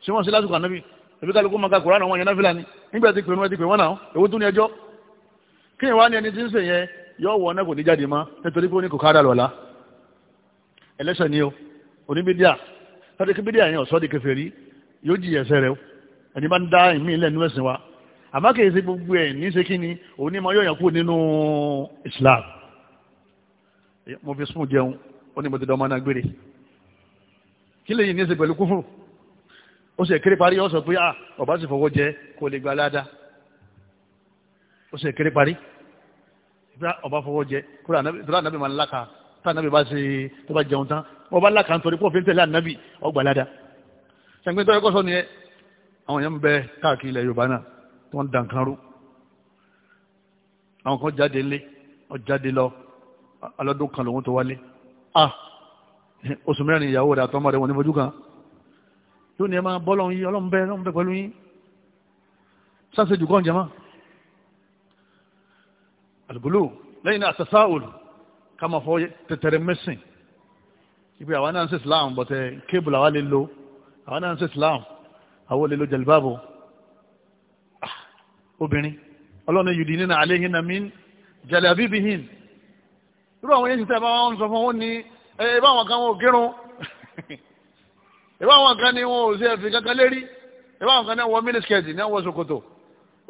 ṣé wọ́n sí lásìkò ànábì àbí kálukú máa ka kùránù wọn yẹn náfìlà ni nígbà tí pèrún ẹ ti pè wọ́n náà èwo tún ní ẹjọ́ kéèyàn wá ní ẹni tí ń sè yẹn yọ wọ náà kò ní jáde mọ́ nítorí pé ó ní kò ká ni o oníbídíà tọ́dí kí bídíà yẹn ọ̀sọ́ di kèfèrí yóò jìyà ẹ̀ṣẹ̀ rẹ̀ ẹni bá àmọ́ kì í ṣe gbogbo ẹ̀ ní ṣe kí ni òní máa yọ̀yàn kú nínú Islam mo fi sùn jẹun ó ní mo ti dán ọmọ náà gbére kí lè yìí ní ṣe pẹ̀lú kúfùrù ó sì kéré parí ó sọ pé ah ọba sì fọwọ́ jẹ kó lè gba aláda ó sì kéré parí ọba fọwọ́ jẹ kó lè ànábì máa ń láka tá ànábì bá ṣe tó bá jẹun tán ọba láka nítorí pé òfin tẹ̀lé ànábì ọgbà aláda ṣàǹgbẹ́ntọ́ ẹ̀kọ́ sọ ni ẹ àwọn èèyàn ń bẹ káàkiri ilẹ̀ Yorùbá náà tó ń dànkan rú àwọn kan jáde lé ọ jáde lọ alọ́dún kan lòun tó wálé ah oṣù mẹ́rin ìyàwó rẹ̀ àtọ́mọ́ rẹ̀ wọ́n ní fojú kan yóò ní ẹ máa bọ́ lọ́hún yín ọlọ́run bẹ́ẹ̀ lọ́hún bẹ́ẹ̀ pẹ̀lú yín sáṣejù kọ́ ǹjẹ́ mọ́ àlùbúlù lẹ́yìn náà àtàṣà òòlù ká máa fọ tẹ̀tẹ̀rẹ̀ mẹ́sìn ibi àwọn náà ń ṣe Islam bọ̀tẹ̀ kébùlù eh, àwa lè lo àwọn náà ń ṣe Islam àwọn lè lo jẹ̀lìbáàbò obìnrin ọlọ́run yìí nínú alẹ́ yìí nà mí jẹ̀lẹ̀ àbíbí hìn irú àwọn yẹn ti tẹ́ bá wọn sọ fún wọn ní ẹ bá wọn kan wọn ò kírun ẹ bá wọn kan ní wọn ò sí ẹ̀fìn kankan lérí ẹ bá wọn kan ní wọn mínísíkẹ̀tì ní wọn ṣòkòtò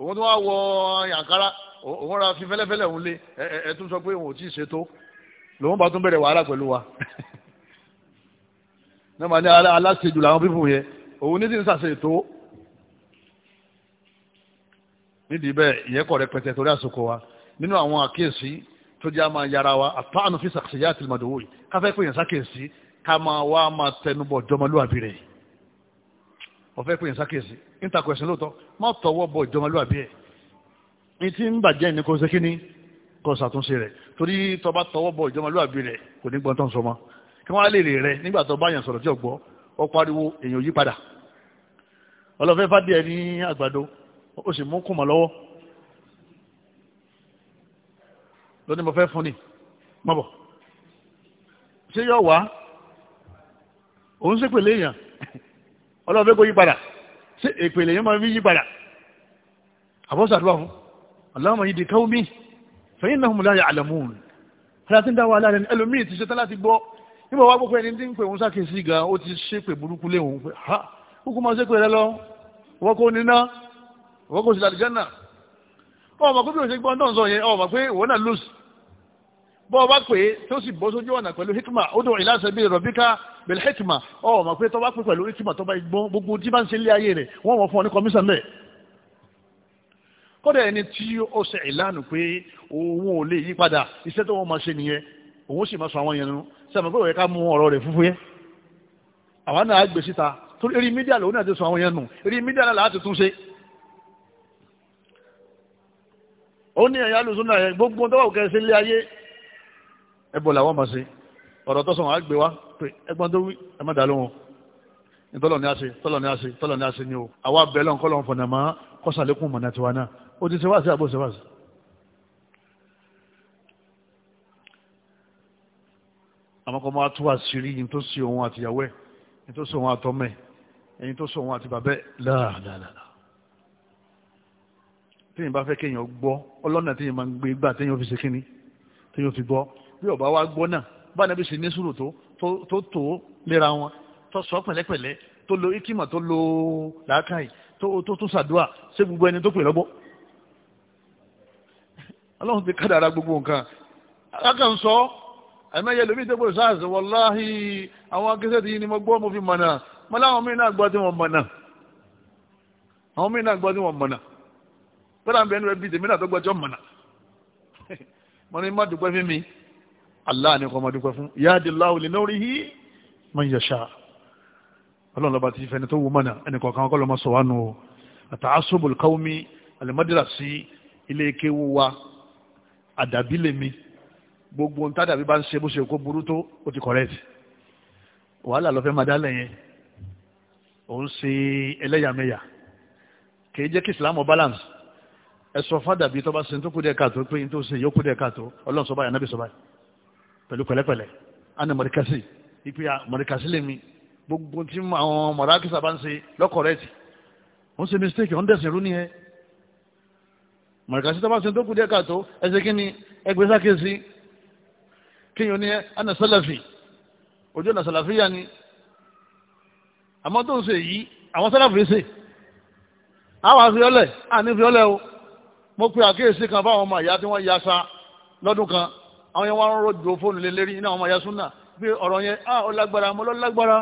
òun tó wá wọ àǹkárá òun ra fi fẹ́lẹ́fẹ́lẹ́ òun lé ẹ tún sọ pé òun ò tí ì ṣètò lòun bá tún bẹ̀rẹ̀ wàhálà pẹ̀lú wa náà máa ní aláṣejù làwọn pípù yẹn òun ní ti ń ṣàṣe ètò nídìí bẹ́ẹ̀ ìyẹ́kọ̀ rẹpẹtẹ torí àsìkò wa nínú àwọn àkíyèsí tó jẹ́ àmà yàrá wa àtàánù fi ṣàkṣeyá àti ìmọ̀dòwò yìí káfẹ́ pé yẹn sákèsí ká máa wá máa tẹnubọ̀ jọmọlúwàbí rẹ̀ ọ̀fẹ́ pé yẹn sákèsí nítakò ẹ̀sìn lóòótọ́ má tọwọ́ bọ̀ jọmọlúwàbí ẹ̀ ní tí ń bàjẹ́ ní kò ṣe kí ni kò ṣàtúnṣe rẹ̀ torí tó bá tọwọ́ bọ̀ jọmọlúwàbí rẹ̀ kò ní gbọ́n tó ń sọ kí wọ́n á lè rẹ̀ nígbà tó bá yàn sọ̀rọ̀ tí ò gbọ́ ọ pariwo èèyàn yí ọlọ́fẹ́ fàdí ní àgbàdo ó sì mú kùmọ̀ lọ́wọ́ lónìí mo fẹ́ fún ni má bọ̀ ṣé yọ wá òun ṣe pèlè èèyàn ọlọ́run fẹ́ kó yí padà ṣé èpèlè èèyàn máa fi yí padà àbọ̀sàdúrà fún Allahumma yìí di káwọ́mí fẹ̀yìn náà mo láyà àlàmúhùn aláti ń dá wàhálà rẹ̀ ẹlòmíì ti ṣetán láti gbọ́ nígbà wá gbogbo ẹni tí ń pè wọn sákèsí gan ó ti ṣépè burúkú léwu ha kúkú máa ṣépè rẹ lọ wọ́n kó níná wọ́n kò sí àlìjánà ọmọ kó bí òṣèlú gbọ́n náà sọ yẹn ọmọ pé ìwọ náà lùs bọ́ ọ bá pè é tó sì bọ́ sójú ọ̀nà pẹ̀lú hikma ó dùn ìlànà sẹ́bí rọ̀bíkà pẹ̀lú hikma ọmọ pé tó bá pè pẹ̀lú hikma tó bá gbọ́n gbogbo tí bá ń ṣe ilé ayé rẹ̀ wọ́n wọ́n fún ọ ní kọmíṣàn bẹ́ẹ̀ kódà ẹni tí ó ṣe ìlànà pé òun ò lè yí padà iṣẹ́ tó wọ́n máa ṣe nìyẹn òun sì máa sọ àwọn yẹn nínú sẹ́mi pé òye ká mú ọ̀rọ̀ rẹ̀ fúfú yẹn àwa náà gbèsè ta torí eré mídíà lòun náà ti sọ àwọn yẹn nù eré mídíà náà láti tún ṣe ó ní ẹ̀yà alùsùnà ẹ̀ gbogbo tó wà òkè sí ilé ayé ẹbọ làwọn máa ṣe ọ̀rọ̀ tó sọ̀rọ̀ àgbẹ̀ wá pé ẹgbọ́n tó wí ẹ má dà lóhun ní tọ́lọ̀ ní àṣe tọ́lọ̀ ní àṣe tọ́lọ̀ ní àṣe ni o àwa bẹ̀ lọ́n kọ́lọ̀ fọ̀nà máa kọ́sàlékún mọ̀nà tiwa náà ó ti ṣe sí àbò ṣe sí. àmọ́ kọ́ máa tú àṣírí yìí tó ṣe òun àtìyàwó ẹ̀ yìí tó ṣe òun àtọ́mẹ̀ yìí tó ṣe òun àti bàbẹ́ láàdáadáa téèyàn bá fẹ́ kéèyàn gbọ́ ọlọ́nà téèyàn máa ń gbé gbà téèyàn fi ṣe kínní téèyàn fi gbọ́ bí ọba wa gbọ́ náà bá nàbí ṣe ní sùúrù tó tó tó léra wọn tó sọ pẹ̀lẹ́pẹ̀lẹ́ tó lo ikima tó lo làákàyè tó tó ṣàdúrà ṣé gbogbo ẹni tó pè lọ́gbọ́ ọlọ́run ti kádàrà gbogbo nǹkan alákan sọ àìmọye lómi tó gbòòrò sáàsì wọláhì àwọn akẹ́sẹ̀ tí ni mo gbọ́ mo fi mọ̀nà mọ́ àwọn mí kódà ń bẹ ẹnu rẹ bíi tèmínà tó gbọ́jọ́ mọ̀nà mo ní má dúpẹ́ fún mi Allah ni kò má dúpẹ́ fún yáàdì láwùlì lórí yìí man yasha ọlọ́run lọ́ba ti fẹni tó wù mọ̀nà ẹnì kọ̀ọ̀kan ọkọ̀ lọ́mọ sọ̀wá nù o àtàásùbùl káwmi àlẹ́mọ́dìrà sí ilé kéwú wa àdàbí lèmi gbogbo ń tádàbí bá ń ṣe bó ṣe kó burú tó ó ti correct wàhálà lọ́fẹ́ máa dálẹ̀ yẹn òun ṣe ẹlẹ́yàmẹ̀yà kì í jẹ́ kí Islam balance ẹ̀sọ̀ fádà bíi tọ́ba sin tó kú dẹ́ kàtó pé tó sin yóò kú dẹ́ kàtó ọlọ́run sọ báyìí anábì sọ báyìí pẹ̀lú pẹ̀lẹ́pẹ̀lẹ́ ana mọ̀ríkàsí ipe mọ̀ríkàsí lèmi gbogbo tí àwọn mọ̀rákìsà bá ń ṣe lọ́kọ̀rẹ́tì wọ́n ṣe mistake wọ́n dẹ̀sìn rú nìyẹn mọ̀ríkàsí tọ́ba sin tó kú dẹ́ kàtó ẹsẹ̀ kí ni ẹgbẹ́ sákèsí kíyàn ní ana sálàfì ojú ọ̀nà sálàfì yá ni àmọ́ tó ń ṣe yìí àwọn sálàfì ṣe àwọn àfi ọlẹ̀ àní fi ọlẹ̀ o mo pe àkíyèsí kan fáwọn ọmọ ìyá tí wọ́n ya sa lọ́dún kan àwọn yẹn wọ́n rọ̀jò fóònù lé lérí iná ọmọ ìyá súnà ọ̀rọ̀ yẹn á ah, ó lágbára mo lọ lágbára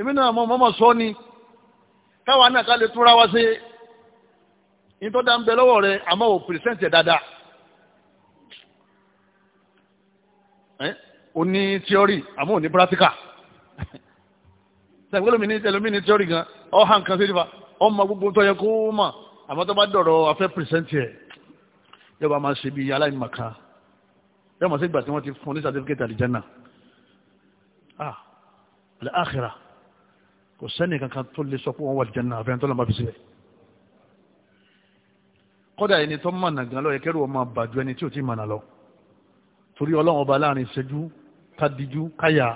èmi náà mo mọ́mọ́ sọ ni káwa náà ká lè túnra wá sí ní tó dá ń bẹ lọ́wọ́ rẹ àmọ́ ò pìrìsẹ́ǹtì ẹ̀ dáadáa ó ní tíọ́rì àmọ́ ò ní pírátíkà ní ní yóò bá máa ṣe bí aláìmọ̀ká yóò máa ṣe gbà tí wọ́n ti fún ní certificate àlìjánà ah àlàáxírà kò sẹ́ni kankan tó lè sọ pé wọ́n wà àlìjánà àfẹ́yìn tó lọ́n bá fi síbẹ̀ kódà ẹni tó mọ̀nà gan lọ yẹ kẹ́rù ọmọ àbàjọ ẹni tí ò ti mọ̀nà lọ torí ọlọ́run ọba láàrin ìṣẹ́jú kádìjú káyà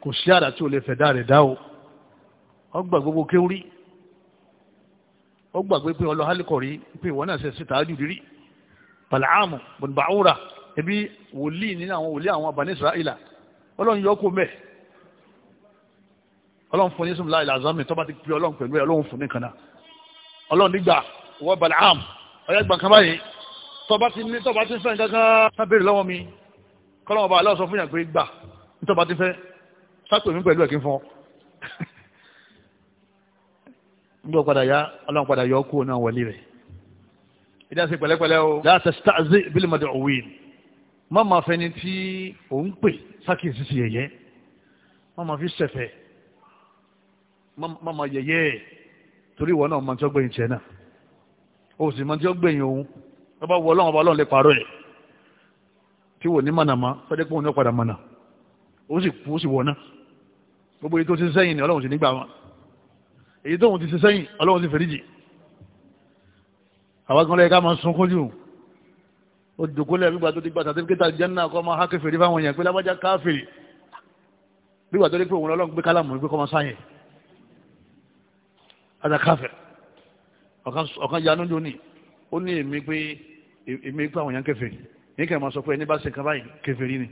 kò sí àdá tí ò lè fẹ̀dá rẹ̀ dá o ọgbà gbogbo kéwrí ọgbà gbé pé ọlọ́ balaamu bùnbàúrà ebi wòlíì nínú àwọn wòlíì àwọn abàní israẹlà ọlọ́run yọ kó mẹ́ ọlọ́run fún yíṣùm láìlà azami tó bá ti pè ọlọ́run pẹ̀lú ẹ ọlọ́run fún nìkan náà ọlọ́run nígbà wọ́n balaam ọ̀yẹ́ gbọ̀n kan báyìí tó bá ti ní tó bá ti fẹ́ kankan sábẹ́rẹ̀ lọ́wọ́ mi kọ́lọ́wọ́ bá aláwọ̀ ìdásí pẹ̀lẹ́pẹ̀lẹ́ o. láti ṣàzí ìbílẹ̀ mọ̀dé òwe má máa fẹ́ni tí òun pè sákìsì sí yẹ̀yẹ́ má máa fi ṣẹ̀fẹ̀ má máa yẹ̀yẹ́ torí ìwọ náà máa tí ó gbẹ̀yìn tiẹ̀ náà o sì máa tí ó gbẹ̀yìn òun tó bá wọ ọlọ́run ọba ọlọ́run lè parọ́ ẹ̀ tí wò ní mànàmá fẹ́dẹ́ pé òun náà padà mànà ó sì kú ó sì wọ̀ náà gbogbo èyí tó ti sẹ́yìn ni ọlọ́run sì nígbà wọn èyí tóun ti sẹ́yìn ọlọ́run sì fẹ́ríjì àwọn kan lẹ́yìn ká máa sunkún jù ó dùkúlẹ̀ nígbà tó ti gba sàtífíkẹ́tà jẹ́nà kọ́ máa hákẹ́fèrè fáwọn èèyàn pé lábájá káfèrè nígbà tó lé pé òun ọlọ́run gbé kálàmù gbé kọ́ sáyẹn ada káfẹ̀ ọ̀kan yanú ló ní ó ní èmi pé èmi pé àwọn èèyàn kẹfẹ̀ ní kẹ́ máa sọ pé ẹni bá ṣe nǹkan báyìí rí ni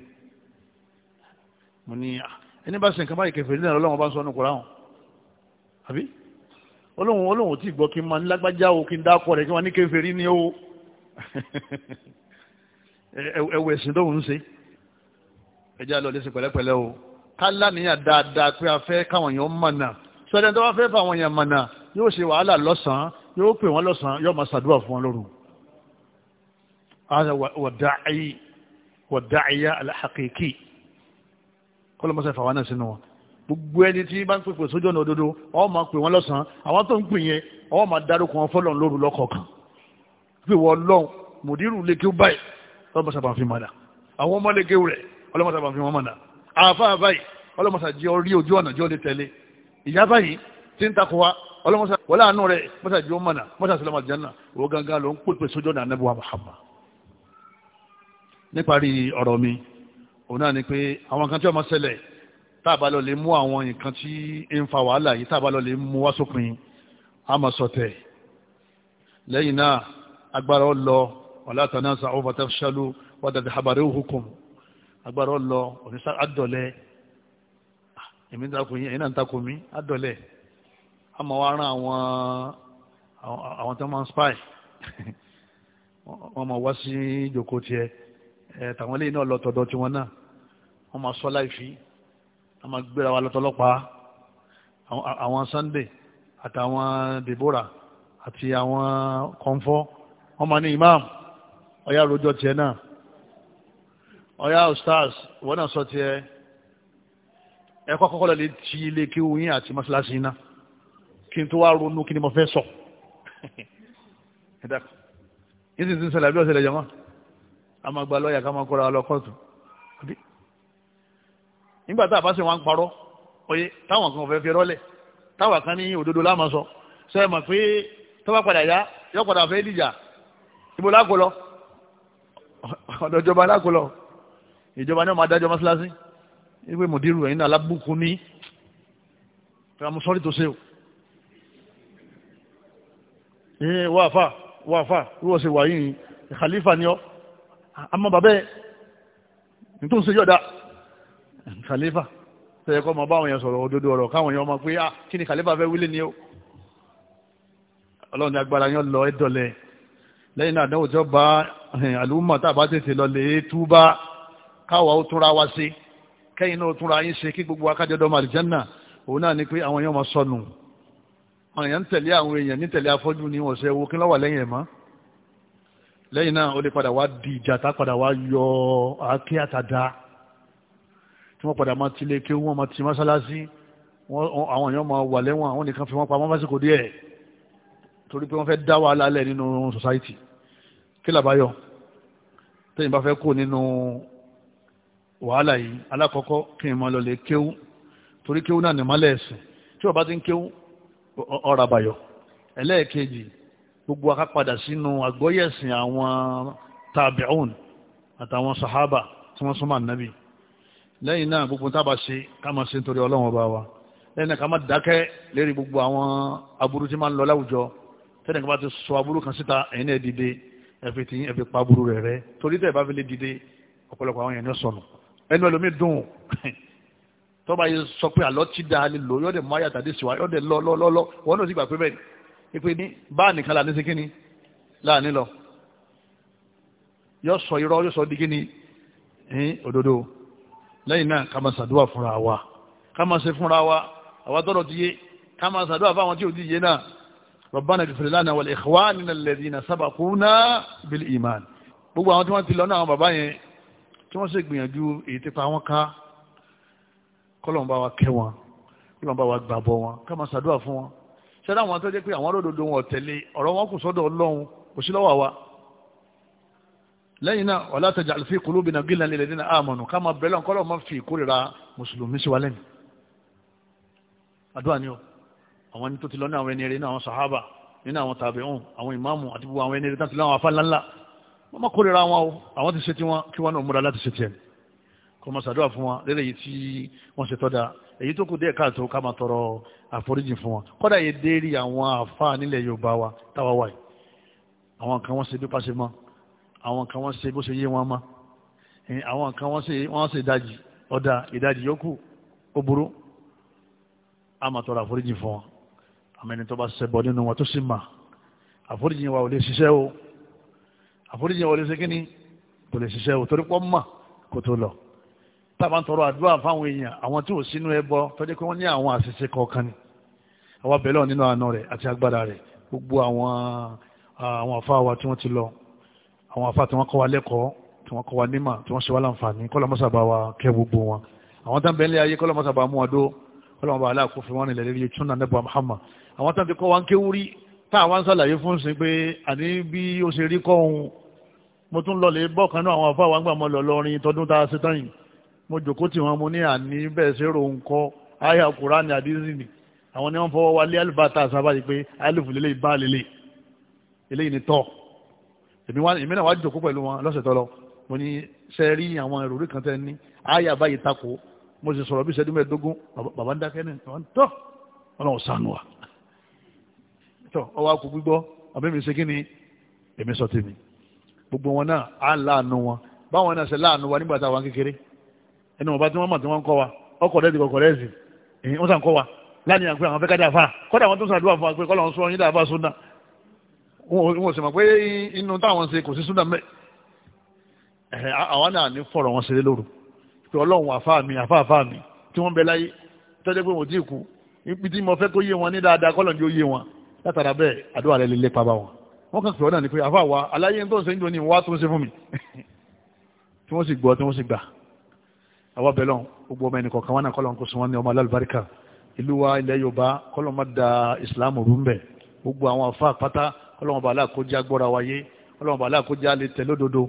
mo ní ah, ẹni bá ṣe nǹkan báyìí kẹfẹ̀ rí ni ọlọ́run bá ń sọ ọ́nù olóhùn olóhùn tí gbọ́ kí n máa nílágbájá o kí n dákọ̀ rẹ̀ kí wọ́n ní kéferí ní o ẹ̀wọ̀ ẹ̀sìn tó ń ṣe ẹjẹ́ àlọ́ lè ṣe pẹ̀lẹ́pẹ̀lẹ́ o kálá nìyàn dáadáa pé a fẹ́ káwọn èèyàn mọ̀nà sọ́dẹ̀ tó bá fẹ́ fáwọn èèyàn mọ̀nà yóò ṣe wàhálà lọ́sàn-án yóò pè wọ́n lọ́sàn-án yóò máa ṣàdúrà fún wọn lóru wàdáyà alhakiki kọ́lọ́mọ́sẹ̀ fàwọn náà sínú wọn gbogbo ẹni tí bá ń pèpè sójú ọ̀nà òdodo ọ máa pè wọ́n lọ́sàn-án àwọn tó ń pè yẹn ọ máa dárúkọ wọn fọlọ́n lóru lọ́kọ̀ọ̀kan pé wọ́n lọ́n mùdírù lè kéwú báyìí ọlọ́mọ sábà fi mọ̀dà àwọn ọmọ lè kéwú rẹ̀ ọlọ́mọ sábà fi wọ́n mọ̀dà àáfà báyìí ọlọ́mọ jẹ́ orí ojú ọ̀nà jọ́ lè tẹ̀lé ìyá báyìí tí ń takò wa ọlọ́mọ sábà wọlé àánú rẹ̀ mọ́sá jẹ́ ọmọ náà mọ́sá sílámà jẹ́nà owó gangan ló ń pèpè sójú ọ̀nà anábọ̀ táàbà lọ lè mú àwọn nǹkan tí ń fa wàhálà yìí táàbà lọ lè mú wá sópin àmọ́ sọ̀tẹ̀ lẹ́yìn náà agbára ọ lọ wala tanaza'u fatafshalu wa tadhhaba rihukum agbára ọ lọ oníṣà àdọ̀lẹ́ èmi ń takò yín náà ń takò mí àdọ̀lẹ́ àmọ́ wa rán àwọn tó máa ń spy wọ́n máa wá sí ìjòkó tiẹ̀ tàwọn eléyìí náà lọ tiwọn náà wọ́n máa sọ láì fi a máa gbéra wa lọ́tọ́lọ́pàá àwọn Sunday àtàwọn Deborah àti àwọn kọ́ńfọ́ wọ́n máa ní imam ọ̀yá rojọ́ tiẹ̀ náà ọ̀yá ustaz ìwọ náà sọ tiẹ̀ ẹ̀kọ́ kọ́kọ́ lọ lè ti ilé kí oyin àti mọ́ṣáláṣí iná kí n tó wá ronú kí ni mo fẹ́ sọ ẹ̀dá yìí sì ti ń ṣẹlẹ̀ àbí ọ̀sẹ̀ lẹ̀ jọ̀mọ́ a máa gba lọ́ọ̀yà ká máa kóra lọ kóòtù nígbà tá a bá sì wọn parọ́ oye táwọn kan fẹ́ fi rọ́lẹ̀ táwọn kan ní òdodo láàmú sọ sọ ẹ mọ̀ pé tọ́wọ́ padà yá yọ padà fẹ́ dìjà ibo lákòlọ́ ọ̀dọ̀ ìjọba lákòlọ́ ìjọba náà máa dájọ́ mọ́ṣáláṣí wípé mòdìrú ẹ̀yìn náà lábùkún ní ìràmú sọ́rí tó ṣe o ee wà fà wà fà wíwọ́ sí wà yìí khalifa ni ọ́ àmọ́ bàbá ẹ̀ nítorí ṣe yọ̀dá kàlífà tẹ́yẹ kọ́ ma bá àwọn yẹn sọ̀rọ̀ òdodo ọ̀rọ̀ káwọn yẹn ọmọ pé ah kí ni kàlífà fẹ́ wílé ni ó ọlọ́run ní agbára yẹn lọ ẹ̀dọ̀lẹ̀ lẹ́yìn náà àdánwò tí ó bá eh, àlùmọ̀ tá a bá tètè lọ lè túbá káwa ó túnra wa sí kẹ́yìn náà ó túnra yín ṣe kí gbogbo akájọ́dọ́ màlìjánà òun náà ni pé àwọn yẹn ọmọ sọnù àwọn èèyàn ń tẹ̀lé àwọn èèyàn ní tẹ̀lé afọ́jú ni wọ́n ṣe tí wọ́n padà máa tilé kí wọ́n máa ti mọ́sálásí àwọn èèyàn máa wà lẹ́wọ̀n àwọn nìkan fi wọ́n pa wọ́n fásitì kò díẹ̀ torí pé wọ́n fẹ́ dá wàhálà lẹ̀ nínú society kí làbáyọ̀ tẹ́yìn bá fẹ́ kó nínú wàhálà yìí alákọ̀ọ́kọ́ kí n máa lọ lè kéwú torí kéwú náà nìmọ́lẹ̀ ẹ̀sìn tí wọ́n bá ti ń kéwú ọ̀rọ̀ àbàyọ̀ ẹlẹ́ẹ̀kejì gbogbo akápadà sínú àgbọ́yẹ̀sìn àwọn tàbíùn àtàwọn sàhábà tí wọ́n súnmọ́ ànábì lẹ́yìn náà gbogbo tá a bá ṣe ká máa ṣe nítorí ọlọ́run ọba wa lẹ́yìn náà ká máa dákẹ́ lérí gbogbo àwọn aburú tí máa ń lọ láwùjọ tẹ́lẹ̀ ká bá ti sọ aburú kan síta ẹ̀yin náà dìde ẹ̀fẹ̀ tí ẹ̀fẹ̀ pa aburú rẹ̀ rẹ̀ torí tẹ́ẹ̀ bá fi lè dìde ọ̀pọ̀lọpọ̀ àwọn èèyàn sọnù ẹnu ẹlòmíì dùn tó bá yẹ sọ pé àlọ́ ti dáa lè lò yọ́ dẹ̀ máyà tàdé síwá yọ́ dẹ̀ ni pé ní báà nìkan lẹ́yìn náà ká máa ṣàdúrà fúnra wa ká máa ṣe fúnra wa àwa tọ́rọ̀ ti yé ká máa ṣàdúrà fáwọn tí ò ti yé náà rabbana ighfir lana wa li ikhwanina alladhina sabaquna bil iman gbogbo àwọn tí wọ́n ti lọ náà bàbá yẹn tí wọ́n sì gbìyànjú èyí ti pa wọn ká kọ́lọ́n wa kẹ́ wọn kọ́lọ́n wa gbàbọ̀ wọn ká máa ṣàdúrà fún wọn ṣẹ́dá àwọn tó jẹ́ pé àwọn olódodo wọn tẹ̀lé ọ̀rọ̀ wọn kò sọ́dọ̀ ọlọ́run kò sí lọ́wọ́ wa lẹ́yìn náà wala taj'al fi qulubina ghillan lil ladina amanu ká máa bẹ̀rẹ̀ ọ̀kọ́lọ́ máa fi ìkórira mùsùlùmí sí wa lẹ́nu àdúrà ni ó àwọn ẹni tó ti lọ ní àwọn ẹni eré náà àwọn sàhábà nínú àwọn tàbíùn àwọn ìmáàmù àti gbogbo àwọn ẹni eré tán ti láwọn afá ńláńlá wọ́n má kórira wọn o àwọn ti ṣe tí wọn kí wọn náà múra láti ṣe tiẹ̀ kọ́ máa ṣàdúrà fún wọn lélẹ̀ yìí tí wọ́n ṣe tọ́da èyí tó kù díẹ̀ káàtó ká máa tọrọ àforíjì fún wọn kọ́dà yìí déérí àwọn àfáà nílẹ̀ Yorùbá wa táwa wáyé àwọn kan wọ́n ṣe bí pàṣẹ mọ́ àwọn kan wọ́n ṣe bó ṣe yé wọn mọ́ àwọn kan wọ́n ṣe wọ́n ṣe ìdajì ọ̀dà ìdajì yòókù ó burú a máa tọrọ àforíjì fún wọn àmọ́ ẹni tó bá ṣẹbọ nínú wọn tó sì mà àforíjì wa ò lè ṣiṣẹ́ o àforíjì wa ò lè ṣe kíni kò lè ṣiṣẹ́ o torí pọ́ mà kò tó lọ tábà ń tọrọ àdúrà fáwọn èèyàn àwọn tí ò sínú ẹbọ tọ́jú pé wọ́n ní àwọn àṣìṣe kọ̀ọ̀kan ni àwọn abẹ́lẹ̀ nínú àna rẹ̀ àti agbára rẹ̀ gbogbo àwọn àwọn àfáà wa tí wọ́n ti lọ àwọn afá tí wọ́n kọ́ wa lẹ́kọ̀ọ́ tí wọ́n kọ́ wa nímà tí wọ́n ṣe wá láǹfààní kọ́lọ́mọ́sàbà wa kẹ́ gbogbo wọn àwọn tán bẹ́ẹ̀lẹ́ ayé kọ́lọ́mọ́sàbà mú adó kọ́lọ́mọ́bà aláàkó fi wọ́n nílẹ̀ lórí túnà nẹ́bà Muhammad àwọn tán ti kọ́ wa ń kéwúrí tá àwọn sàlàyé fún sí pé àní bí ó ṣe rí kọ́hun mo tún lọ lè bọ́ kan náà àwọn afá wa ń gbà mọ́ lọ lọ́rin ni wọ́n fọwọ́ wa lé alifata sábà yìí pé eléyìí ni tọ́ọ̀ èmi wá èmi náà wá jòkó pẹ̀lú wọn lọ́sẹ̀ tọ́lọ mo ní ṣe rí àwọn ìròrí kan tẹ́ ní àyà báyìí tako mo sì sọ̀rọ̀ bí ìṣẹ́jú mẹ́ẹ̀ẹ́dógún bàbá ń dákẹ́ náà wọ́n tọ́ ọlọ́run sànù wa tọ́ ọwọ́ akú gbígbọ́ àbí mi ṣe kí ni èmi sọ tèmi gbogbo wọn náà á láàánú wọn báwọn náà ṣe láàánú wa nígbà táwọn kékeré ẹnu wọn bá tí wọ́n mọ̀ tí wọ́n kọ́ wa ọkọ̀ rẹ̀ ti kọ̀kọ̀ rẹ̀ sì wọ́n sàn kọ́ wa láàánú àgbẹ̀ àwọn fẹ́ kájà fà kọ́dà wọn tó sàdúrà fún wa pé kọ́lọ́run sọ yín dáa bá sún náà wọn sì mọ̀ pé inú táwọn ṣe kò sí súnà mẹ́ àwọn náà ní fọ̀rọ̀ wọn ṣeré lóru pé ọlọ́run àfáà mi àfáà àfáà mi tí wọ́n bẹ láyé tọ́jú pé wọ́n ti kú ibi tí mo fẹ́ kó yé wọn ní dáadáa kọ́lọ̀ ní ó yé wọn látara bẹ́ẹ̀ àdúrà rẹ̀ lè lépa bá wọn wọ́n kàn pé ọ̀nà ni pé àfáà wa aláyé tó ń ṣe ń jò ní wá tó ń ṣe fún mi tí wọ́n sì gbọ́ tí wọ́n sì gbà àwọn bẹ̀rẹ̀ lọ́n ọmọ ẹnì kọ̀ọ̀kan wọn náà kọ́lọ̀ ń kó sun wọn ní ọmọ alálùbáríkà ìlú wa ilẹ̀ Yorùbá kọ́lọ̀ má da ìsìlámù rú ń bẹ̀ gbogbo àwọn àfáà pátá kọ́lọ́wọ́n bàálà kó já gbọ́ra wáyé kọ́lọ́wọ́n bàálà kó já lè tẹ̀ lódodo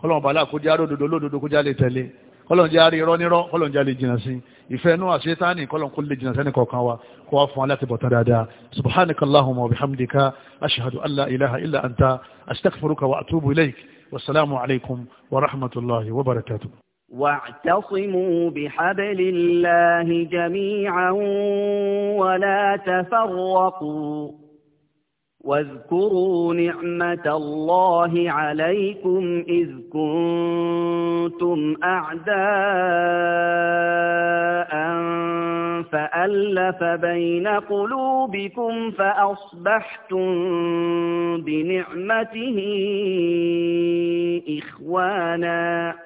kọ́lọ́wọ́n bàálà kó já lódodo lódodo kó já lè tẹ̀lé kọ́lọ́wọ́n já rí irọ́ nírọ́ kọ́lọ́wọ́n já lè jìnà sí ìfẹ́ inú àṣetáni kọ́lọ́wọ́n kó lè jìnà sẹ́ni kọ̀ọ̀kan wa kó wá fún aláti bọ̀tán dáadáa subhanakallahumma wa bihamdika ashhadu an la ilaha illa anta astaghfiruka wa atubu ilaik wassalamu alaikum wa rahmatullahi wa barakatuh واعتصموا بحبل الله جميعا ولا تفرقوا واذكروا نعمة الله عليكم إذ كنتم أعداء فألف بين قلوبكم فأصبحتم بنعمته إخواناً